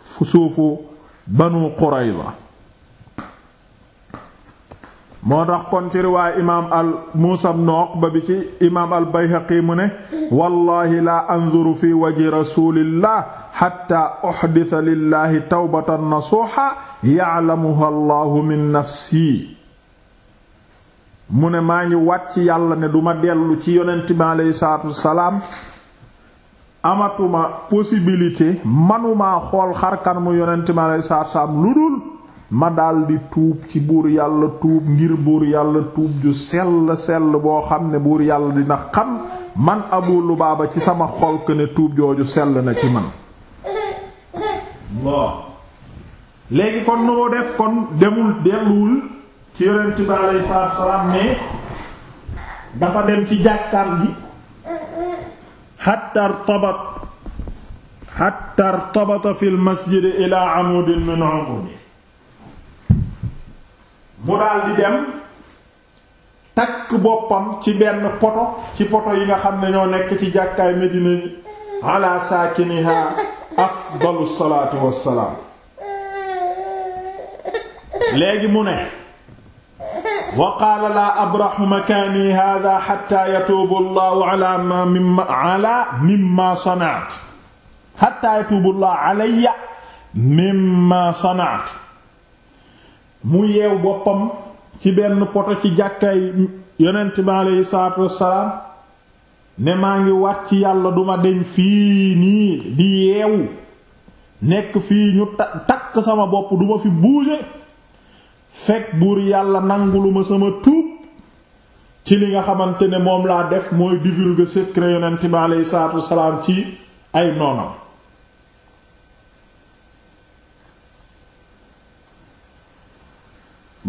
fu suufu banu qurayza moo tax kon ci riwaay imaam al muusa ibn uqba bi ci imaam al bayhaqi mu ne wallahi laa anzuru fi waji rasulillah hatta uhditha lillahi tawbatan nasuha ya'lamuha allahu min nafsi mu ne maa ngi wàcc yàlla ne duma dellu ci yonent bi aleyhi salaatu wassalaam amatuma possibilité manuma xool xarkan mu yonent ma lay saar saam lu dul ma daldi tuub ci buur yàlla tuub ngir buur yàlla tuub ju sell sell boo xam ne buur yàlla dina xam man Abu Lubaaba ci sama xol ko ne tuub jooju sell na ci man bon léegi kon nu mu def kon demul delluwul ci yonent ma lay ne dafa dem ci jàkkaar gi xatta irtabat xatta irtabata fi lmasjidi ila amudin min amudi mu daal dem takk boppam ci benn poto ci poto yi nga xam ne ñoo nekk ci jàkkaay Medina ni ala saakiniha afdalu salaatu wassalaam léegi mu ne wa qaala laa abrahu makaani haadaa hattaa yatuubu alayya mimma sana'tu mu yeew boppam ci benn poto ci jàkkaay yonent bi ne maa ngi waat ci yàlla duma deñ fii nii di yeewu nekk fii ñu takk sama bopp duma fi bouger fekk buur yàlla nanguluma sama tuub ci li nga xamante ne moom laa def mooy divulguer secret yonent bi aleyhi salaatu wasalaam ci ay noonam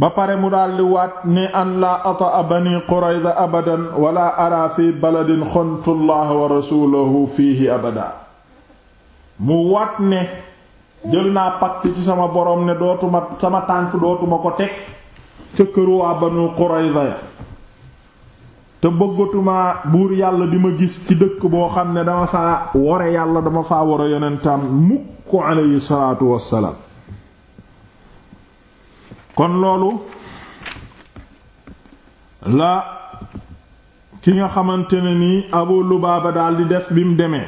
ba pare mu daldi waat ne an laa ataa bani qurayda abadan wala ara baladin xontu llaha wa rasulahu fiihi abada mu waat ne jël naa pacte ci sama borom ne dootuma sama tànk dootuma ko teg ca këru waa Banu Qurayza ya te bëggatuma buur yàlla di ma gis ci dëkk boo xam ne dama faa wore yàlla dama faa wore yonentam mukk alayhi salaatu wassalaam kon loolu la ki nga xamante ne ni Abu Lubaaba daal di def bi mu demee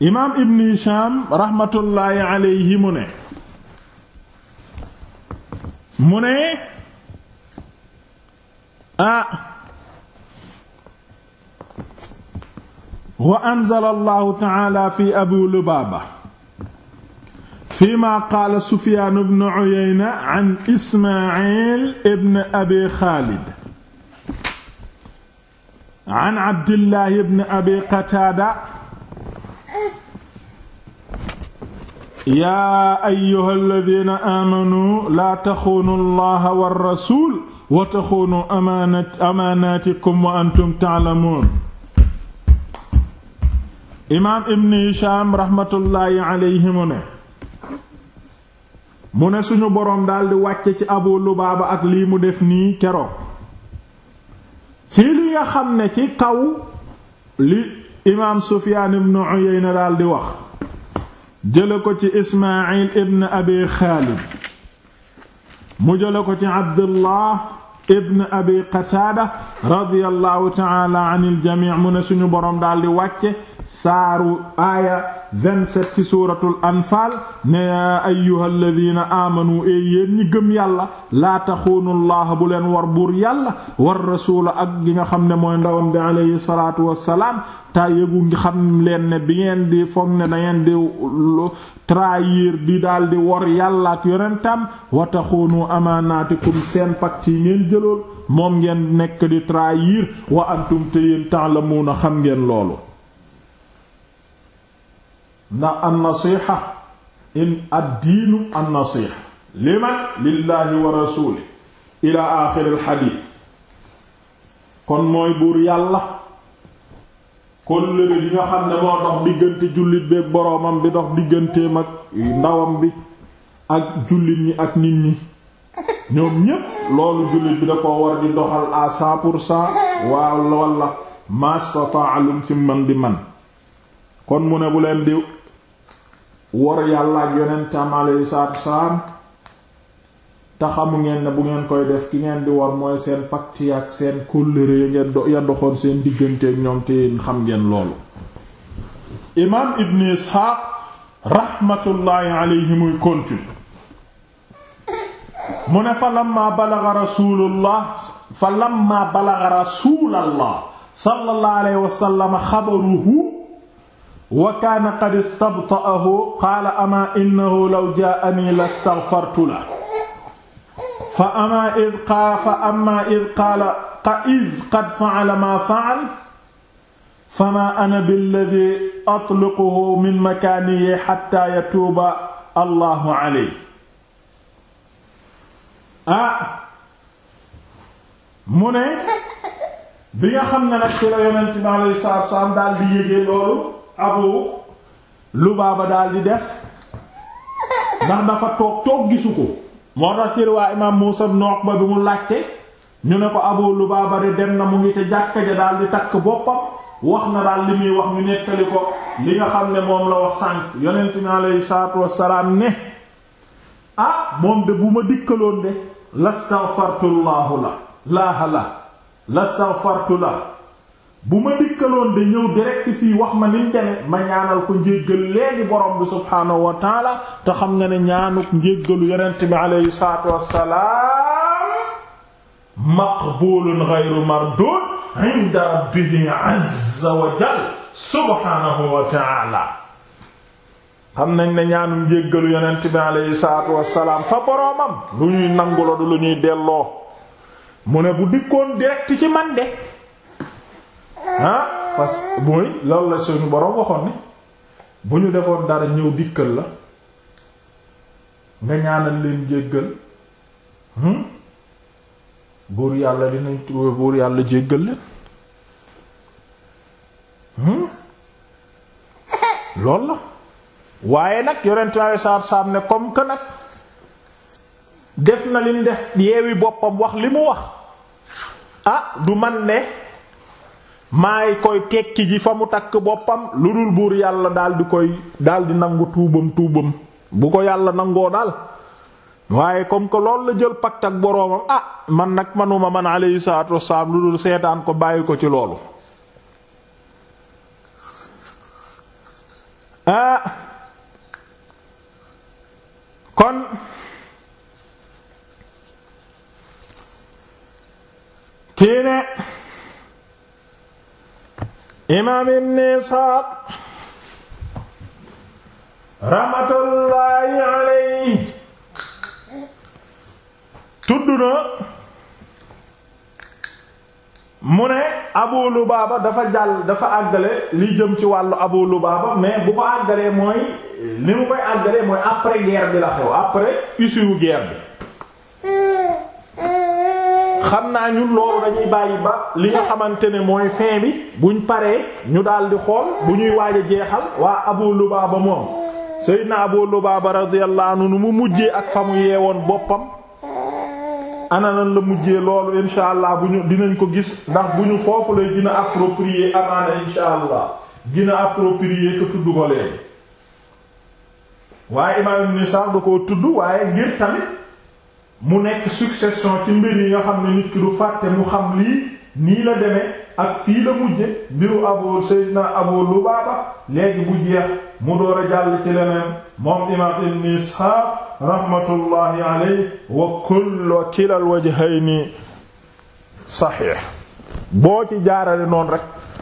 imaam ibn Hisham raxmatullaahi alayhi mu ne mu ne ah wa anzala allahu taala fi abu lubaaba fiima qaala sufyaan ibn uyayna an ismaayil ibn abi xaalid an abdillaahi ibn abi qataada yaa ayyuha alladina aamanu laa taxuunu allaha wa rasul wa taxuunu amaanaatikum wa antum taalamuun imaam ibn hisham raxmatullaahi alayhi mu ne mu ne suñu boroom daldi wàcce ci abu lubaaba ak lii mu def nii keroog ci li nga xam ne ci kaw li imaam sufyaan ibn uyayna daldi wax jële ko ci ismail ibn abi xaalid mu jële ko ci abdullah ibn abi qataada radiyallahu taala an il jamii mu ne suñu boroom daldi wàcce saaru aaya 27 ci suuratul anfaal ne yaa ayyuhal ladina amanu e yéen ñi gëm yàlla laa taxuunu llaha bu leen war buur yàlla war rasuula ak gi nga xam ne mooy ndawam bi aleyhi salaatu wassalaam tay yëgu ngi xam leen ne bi ngeen di foog ne da ngeen di trahir di daal di wor yàlla ak yonentam wa taxuunu amaanaatikum seen pacte yi ngeen jëlool moom ngeen nekk di trahir wa antum te yéen ta'lamuuna xam ngeen loolu ndax an nasiixa in addiinu an nasiixa liman lillaahi wa rasuuli ila axiril xadiis kon mooy buur yàlla kóllëre bi nga xam ne moo dox diggante jullit bi ak boroomam bi dox digganteem ak ndawam bi ak jullit ñi ak nit ñi ñoom ñépp loolu jullit bi da ko war di doxal à cent pour cent waaw walla mastataalum ci man di man kon mu ne bu leen di wor yàlla ak yonentam alayhi salaatu wasalaam te xamu ngeen na bu ngeen koy def ki ngeen di wor mooy seen pacte yi ak seen kóllëre ya ngeen do ya doxoon seen digganteek ñoom te xam ngeen loolu imaam ibn isxaaq raxmatullaahi alayhi muy continue mu ne fa lamma balaga rasulullah fa lamma balaga rasulallah sallallahu wa kaana qad istabta'ahu qaala amaa innahu law jaa'anii lastaghfartu lahu fa amaa id qaala fa amaa id qaala id qad fa'ala maa fa'ala famaa ana billadhii atliquhu min makaanihi hattaa yatuuba Allahu alayhi ah mu ne bi nga xam ne nag ci la Yonent bi alayhi salaatu wa salaam daal di yéege loolu abu baaba daal di def ndax dafa toog toog gisu ko moo tax ci riwaa imaam muusa ibn Uqba bi mu laajte ñu ne ko lu lubaaba de dem na mu ngi ca jàkka ja daal di takk boppam wax na daal li muy wax ñu nettali ko li nga xam ne moom la wax sànq yonent mi aleyhi salaatu wassalaam ne ah moom de bu ma dikkaloon de lastaghfartu laahu la laaha la la bu ma dikkaloon de ñëw direct fii wax ma niñ deme ma ñaanal ko njéggal léegi borom bi subhaanahu wa te xam na ne ñaanuk njéggalu yonent bi aleyhi salaatu wassalaam maqbulun ghayru mardud inda rabbihi azza wa jal subhaanahu wa xam nañ ne ñaanu njéggalu yonent bi aleyhi salaatu wassalaam fa boroomam lu ñuy nangu la du lu ñuy delloo mu ne bu dikkoon direct ci man de ah fas mooy loolu la suñu boroom waxoon ne bu ñu defoon dara ñëw dikkal la nga ñaanal leen jéggal hmm? buur yàlla dinañ trouver buur yàlla jéggal leen hmm? loolu la waaye nag yonent naa saab ne comme que nag def na lim def yeewi boppam wax li mu wax a ah, du man ne maay koy tekki ji fa mu takk boppam lu dul buur yàlla daldi koy daldi nangu tuubam tuubam bu ko yàlla nangoo daal waaye comme que loolu la jël pacte ak boroomam ah man nag manuma man alayhi salaatu wassalaam lu dul seetaan ko bàyyi ko ci loolu ah. kon kii ne imaam ibn Isxaaq raxmatullaahi alayhi tudd na mu ne Abu Lubaaba dafa jàll dafa àggale li jëm ci wàllu Abu Lubaaba mais bu ko àggalee mooy li mu koy àggalee mooy après guerre bi la xew après issue guerre bi xam naa ñun loolu dañuy bàyyi ba li nga xamante ne mooy fin bi buñ paree ñu daldi di xool bu ñuy waaj a jeexal waa Abu Lubaaba moom Seydina Abu Lubaaba radiyallahu anhu mu mujjee ak fa mu yeewoon boppam ana la mujjee loolu insha allah bu ñu ko gis ndax bu ñu foofu lay gën a approprié amaana insha allah gën a ko tudd ko leen waaye imaam Ibn Sa'd tudd waaye ngir tamit mu nekk succession ci mbir yi nga xam ne nit ki du fàtte mu xam lii nii la deme ak fii la mujje mbiru abu sayyidina abu lubaaba léegi bu jeex mu door a jàll ci leneen moom imaam ibn isxaaq rahmatullahi alayhi wa kullu kilal wajhayni saxiix boo ci jaarale noonu rek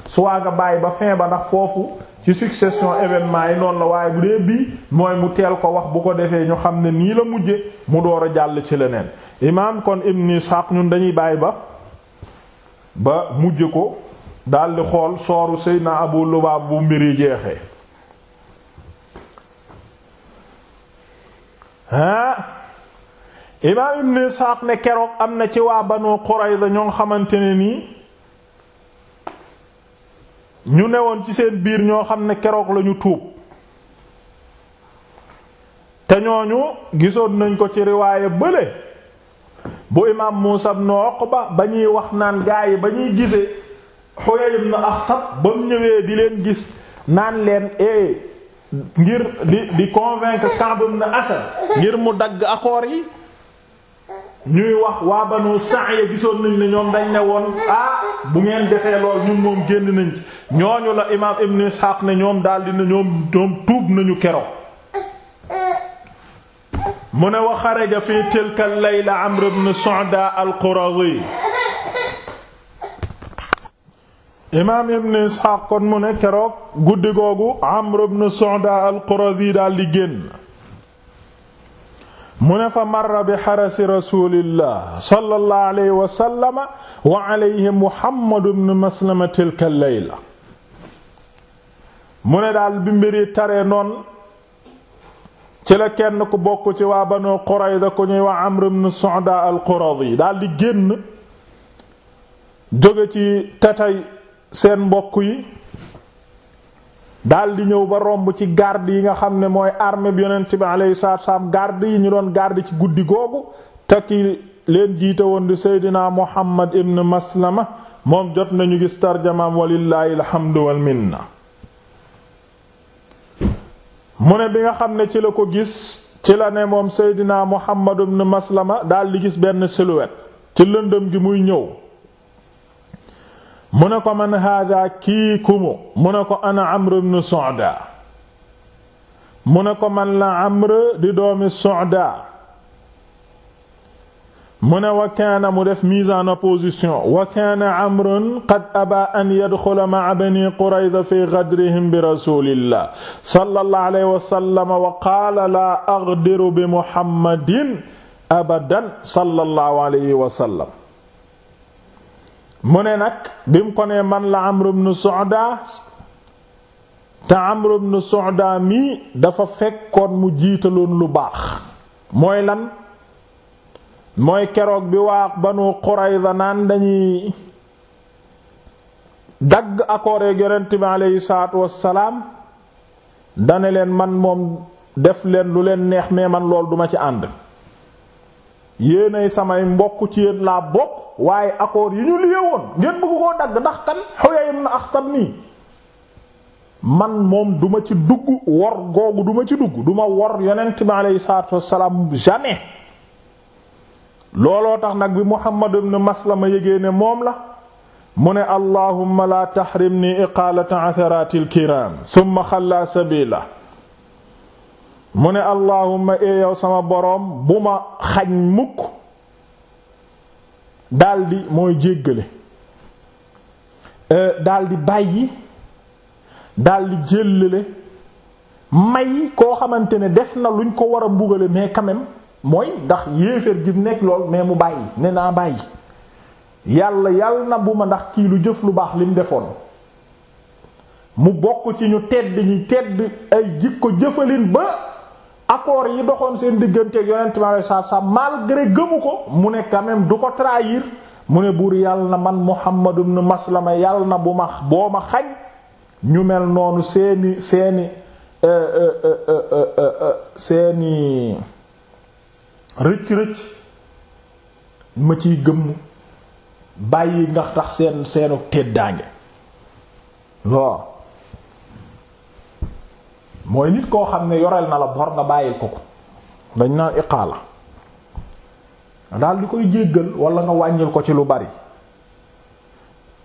su waa nga bàyyi ba fee ba ndax foofu ci succession événement yi noonu la waaye bu dee bii mooy mu teel ko wax bu ko defee ñu xam ne nii la mujje mu door a jàll ci leneen imaam kon ibn Ishaq ñun dañuy bàyyi ba ba mujj ko daldi xool sooru sëy na Abu Lubaab bu mbir yi jeexee ah imaam ibn Ishaq ne keroog am na ci waa Banu Qurayza ñoo xamante ne nii ñu ne woon ci seen biir ñoo xam ne keroog lañu tuub te ñooñu gisoon nañ ko ci riwaaya bële bu imaam Muusa ibn Uqba ba ñuy wax naan gaa yi ba ñuy gisee Huyay ibn Akhtab ba mu ñëwee di leen gis naan leen ee eh, ngir di di convaincre Ka'b ibn Asad ngir mu dagg accord yi ñuy wax waa banu Sa'ya gisoon nañ ne ñoom dañ ne woon ah bu ngeen defee lool ñun moom génn nañ ñooñu la imaam Ibn Ishaq ne ñoom daldi na ñoom tuub nañu keroog. mu ne wa xaraja fi tilka layla Amr ibn Su'da al-Quradi imaam Ibn Ishaq kon mu ne keroog guddi googu Amr ibn Su'da al-Quradi daldi génn. mu ne fa marra bi xarasi rasulillah sallallahu alayhi wa sallama wa alayhi muhammadu ibn maslama tilka layla mu ne daal bi tare noon ci la kenn ku bokk ci waa banu Qurayza ku ñuy waa Amr ibn Su'da al-Quradi daal di génn jóge ci tatay seen mbokk yi daal ñëw ba romb ci garde yi nga xam ne mooy armée bi yonent bi alayhi salaatu wassalaam garde yi ñu doon garde ci guddi googu te ki leen jiite woon di seydinaa Muhammad ibn Maslama moom jot nañu gis tarjamaam walillaahi alhamdu wal minna mu ne bi nga xam ne ci la ko gis ci la ne moom seydinaa Muhammad ibn Maslama daal gis benn silhouette ci lëndëm gi muy ñëw mu ne ko man hada kii kumu mu ne ko ana amr ibn su'da mu ne ko man la amr di doomi su'da mu ne wa kaana mu def mise en opposition wa kaana amrun qad aba an yadxula ma'a bani qurayza fi ghadrihim bi rasulillah sallallahu alayhi wa sallam wa qaala laa aghdiru bi muhammadin abadan sallallahu alayhi wa sallam mu ne nag bi mu ko man la Amr ibn Su'da te Amr ibn Su'da mii dafa fekkoon mu jiitaloon lu baax mooy lan mooy keroog bi waa Banu Qurayza naan dañuy dagg accord ak Yonent bi aleyhi salaatu wassalaam dane leen man moom def leen lu leen neex mais man lool duma ci ànd yéenay samay mbokk ci yéen laa bokk waaye accord yi ñu lié woon ngeen bëgg koo dagg ndax kan Huyay ibn Akhtab nii man moom duma ci dugg wor googu duma ci dugg duma wor yonent bi aleyhi salaatu wassalaam jamais looloo tax nag bi Muhammad ibn Maslama yégée ne moom la mu ne allahumma la tahrimni iqaalata asaraati al kiram thumma xalla sabila mu ne allahumma ee eh, sama boroom bu ma xañ mukk daldi mooy jéggale eh, daldi bàyyi daldi jéllale may koo xamante ne def na luñ ko war a mbugale mais quand mooy ndax yéeféer gi nekk lool mais mu bàyyi ne naa bàyyi yàlla yàlla na bu ma ndax kii lu jëf lu baax lim defoon mu bokk ci ñu tedd ñi tedd ay jikko jëfalin ba accord yi doxoon seen diggante yonent ma saa saa malgré gëmu ko mu ne quand du ko trahir mu ne buur yàlla na man Muhammad ibn Maslama yàlla na bu ma boo ma xañ ñu mel noonu seeni seeni euh, euh, euh, seeni rëcc rëcc ma ciy gëmm bàyyi nga tax seen seenu teddaange waaw mooy nit koo xam ne yoreel na la bor nga bàyyil ko ko dañ naan iqaala daal di koy jéggal wala nga wàññil ko ci lu bari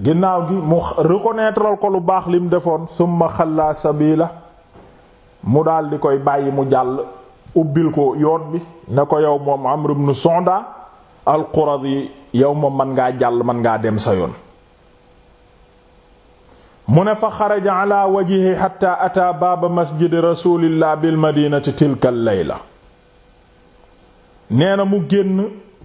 ginnaaw gi mu reconnaître ko lu baax lim defoon summa xallaa sabila mu daal di koy bàyyi mu jàll ubbil ko yoon bi ne ko yow moom Amr ibn Sonda al-Quradi yow moom man ngaa jàll man ngaa dem sa yoon mu ne fa xaraja ala wajihi xatta ataa baaba masjidi rasulillah bil madinati tilkal layla nee na mu génn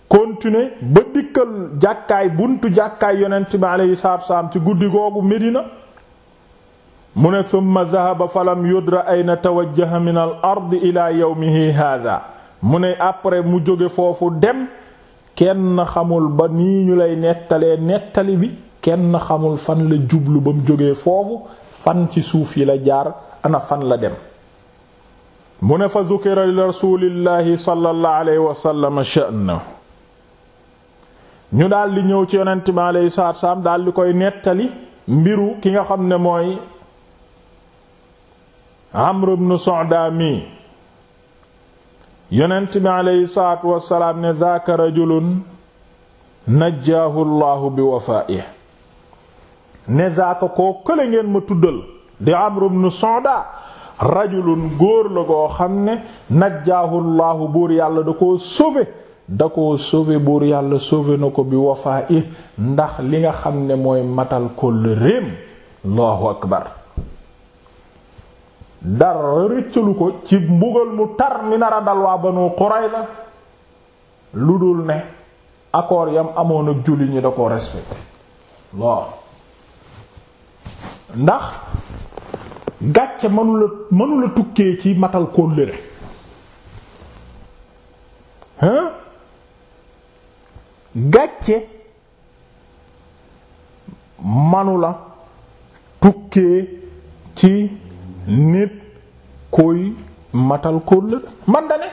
kontine ba dikkal jàkkaay buntu jàkkaay yonent bi aleyhi salaatu salaam ci guddi googu Medina mu ne summa dahaba falam yudra ayna tawajjaha min al ard ila yawmihi hada mu ne après mu jóge foofu dem kenn xamul ba nii ñu lay nettalee nettali bi kenn xamul fan la jublu ba mu jógee foofu fan ci suuf yi la jaar ana fan la dem mu ne fa dukira li rasulillahi sallallahu alayhi wa sha'na ñu daldi ñëw ci yonent bi alayhi salaatu daldi koy nettali mbiru ki nga xam ne mooy Amr ibn Su'da mi yonent bi alayhi salaatu ne daaka rajulun najjaahu Allahu bi wafaa'ihi ne zaaka koo kële ngeen ma tuddal di Amr ibn Sonda rajulun góor la koo xam ne najjaahu llaahu buur yàlla da koo sauvé da koo sauvé buur yàlla sauvé na ko bi wafaa i ndax li nga xam ne mooy matal kóllëreem allahu akbar dara rëccalu ko ci mbugal mu tar mi nar a dal waa Banu Qurayza lu dul ne accord yam amoon ak julli ñi da koo respecté waaw ndax gàcce mënula mënula tukkee ci matal kóllëre hein gàcce manula tukkee ci nit koy matal kóllëre man dane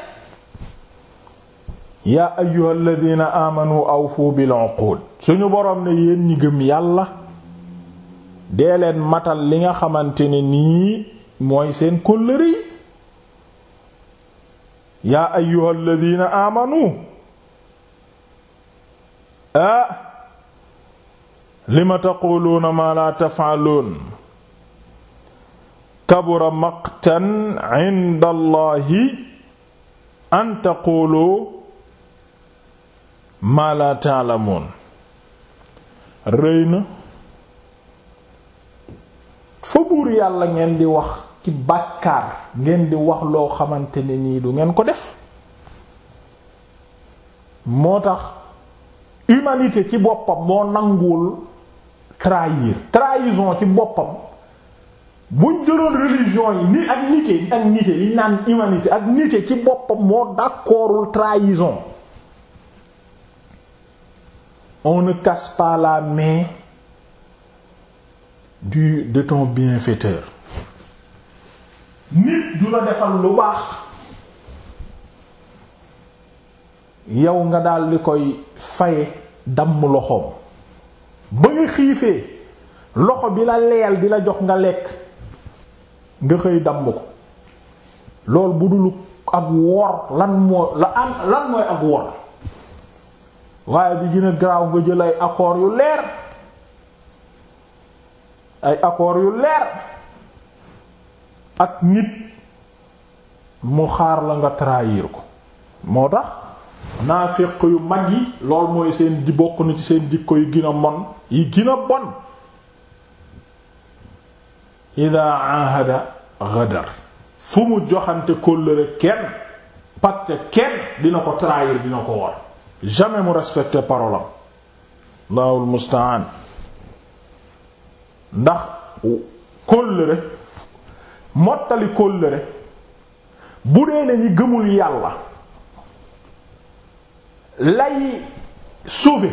yaa ayyuhalladhina amanu awfu bil uqud suñu boroom ne yéen ñi yàlla dee leen matal li nga xamante ne nii mooy seen kóllëre yi yaa ayyuhal ladina amanu ah lima taquluuna ma la tafaaluun kabura maqtan inda allahi an taqulu la taalamuun rëy fa buur yàlla ngeen di wax ci bàkkaar ngeen di wax loo xamante ne nii du ngeen ko def moo tax humanité ci boppam moo nanguwul trahir trahison ci boppam muñ jëloon religion yi ni ak nité yi naan humanité ak nité ci boppam moo d'accordul trahison on ne casse du de ton bienfaiteur nit du la defal lu baax yow nga daal di koy faye damm loxoom ba nga xiifee loxo bi la leel di la jox nga lekk nga xëy damm ko loolu bu dul ak wor lan moo la am lan mooy ak wor waaye bi gën garaaw nga jël ay accords yu leer ay accords yu leer ak nit mu xaar la nga trahir ko moo tax naafiq yu mag yi lool mooy seen di bokk na ci seen jikko yu gën a mon yi gën bon ida ahada ghadar fu mu joxante kóllëre kenn pacte kenn dina ko trahir dina ko war jamais mu respecter parole am allahul musta'an ndax kóllëre mottali kóllëre bu dee ne ñi gëmul yàlla lay sauver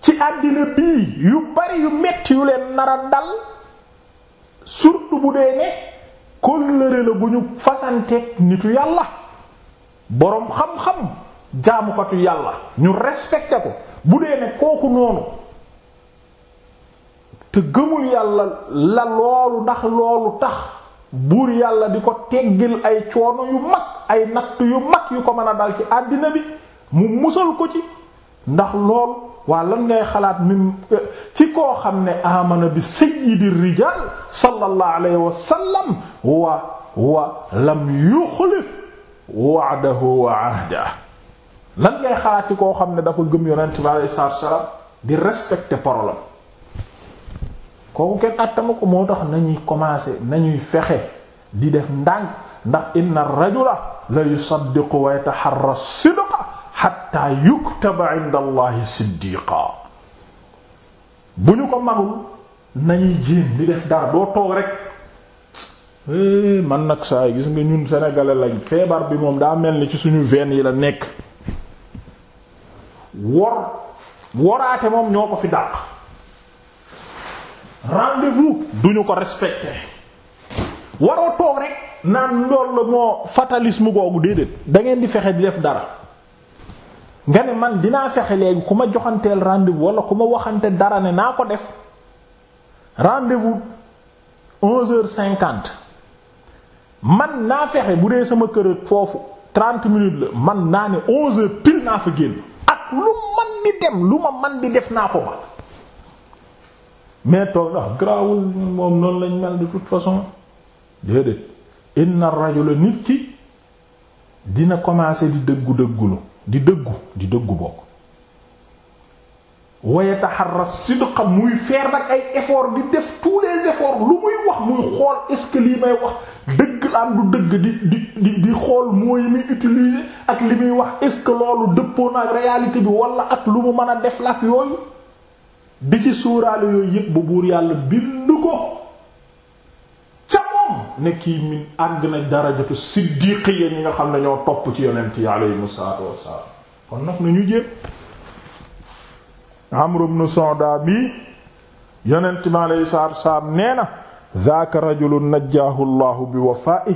ci àddina bii yu bari yu metti yu leen nara dal surtout bu dee ne kóllëre la bu ñu fasanteeg nitu yàlla boroom xam-xam jaamukatu yàlla ñu respecté ko bu dee ne kooku noonu te gëmul yàlla la loolu ndax loolu tax buur yàlla di ko teggil ay coono yu mag ay natt yu mag yu ko mën a dal ci àddina bi mu musal ko ci ndax lool waa lan ngay xalaat min eh, ci koo xam ne amana bi sayyidi rijal sallallahu alayhi wa sallam wa wa lam yuxlif wa'dahu wa ahdahu lan ngay xalaat ci koo xam ne dafa gëm yonent bi alayhi salaatu wa salaam di respecter parole kooku kenn attama ko moo tax nañuy commencer nañuy fexe di def ndànk ndax inna rajula la yusaddiqu wa yataharra sidqa hatta yuktaba inda allahi siddiqa bu ñu ko manul nañuy jéem di def dara doo toog rek eh, man nag saay gis nga ñun sénégalais lañ feebar bi moom daa mel ni ci suñu veine yi la nekk wor woraate moom ñoo ko fi dàq rendez-vous duñu ko respecté waroo toog rek naan lool la moo fatalisme googu déedéet da ngeen di fexe di def dara nga ne man dinaa fexe léegi ku ma joxanteel rendez-vous wala ku ma waxante dara ne naa ko def rendez-vous onze cinquante man naa fexe bu dee sama kër foofu trente minutes la man naa ne onze heures naa fa génn ak lu man di dem lu ma man di def naa ko ba mais toog ndax garaawul moom noonu lañ mel de toute façon déedéet rajo la nit ki dina commencer di dëggu dëggulu di dëggu di dëggu bokk wayataxarra sidqa muy faire nag ay effort di def tous les efforts lu muy wax muy xool est-ce que lii may wax dëgg la am du dëgg di di di di xool mooy muy utiliser ak li muy wax est-ce que loolu dëppoon ak réalité bi wala ak lu mu mën a def la ak yooyu di ci suuraale yooyu yépp bu buur yàlla bind ko ca moom ne kii min àgg na darajatu siddiqiya ñi nga xam ne ñoo topp ci yonent yi aleyhim salaatu wassalaam kon nag nañu jéem Amru ibn Sonda bi yonent mi aleyhi salaatu nee na zaaka rajulun najjaahu llahu bi wafaa'i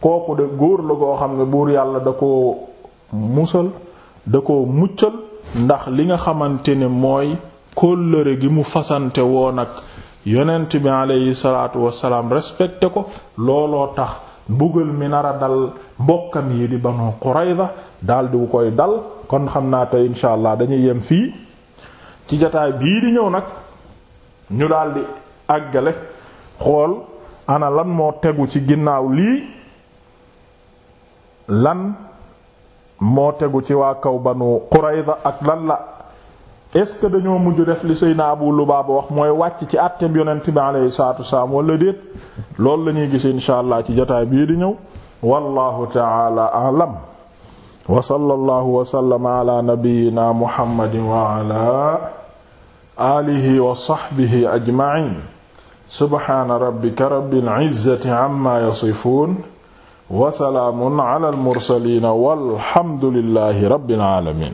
kooku de góor la goo xam ne buur yàlla da koo musal da koo muccal ndax li nga xamante ne mooy kóllëre gi mu fasante woon ak yonent bi aleyhi salaatu wasalaam respecté ko looloo tax mbugal mi nar dal mbokkam yi di Banu Qurayza daal di koy dal kon xam naa tey insha allah dañuy yem fii ci jataay bii di ñëw nag ñu daal di àggale xool ana lan moo tegu ci ginnaaw lii lan moo tegu ci waa kaw Banu Qurayza ak lan la est-ce que dañoo mujj def li Seydina Abu Lubaaba wax mooy wàcc ci àtteeb yonent bi alayhi salaatu wassalaam wala déet loolu la ñuy gis insha allah ci jotaay bii di ñëw wallahu ta'ala a'lam wa sallallahu wa sallama ala nabiyyina muhammadin wa ala alihi wa sahbihi ajma'in subhana rabbika rabbil izzati amma yasifun wa salaamun ala al mursalin walhamdulillahi rabbil alamin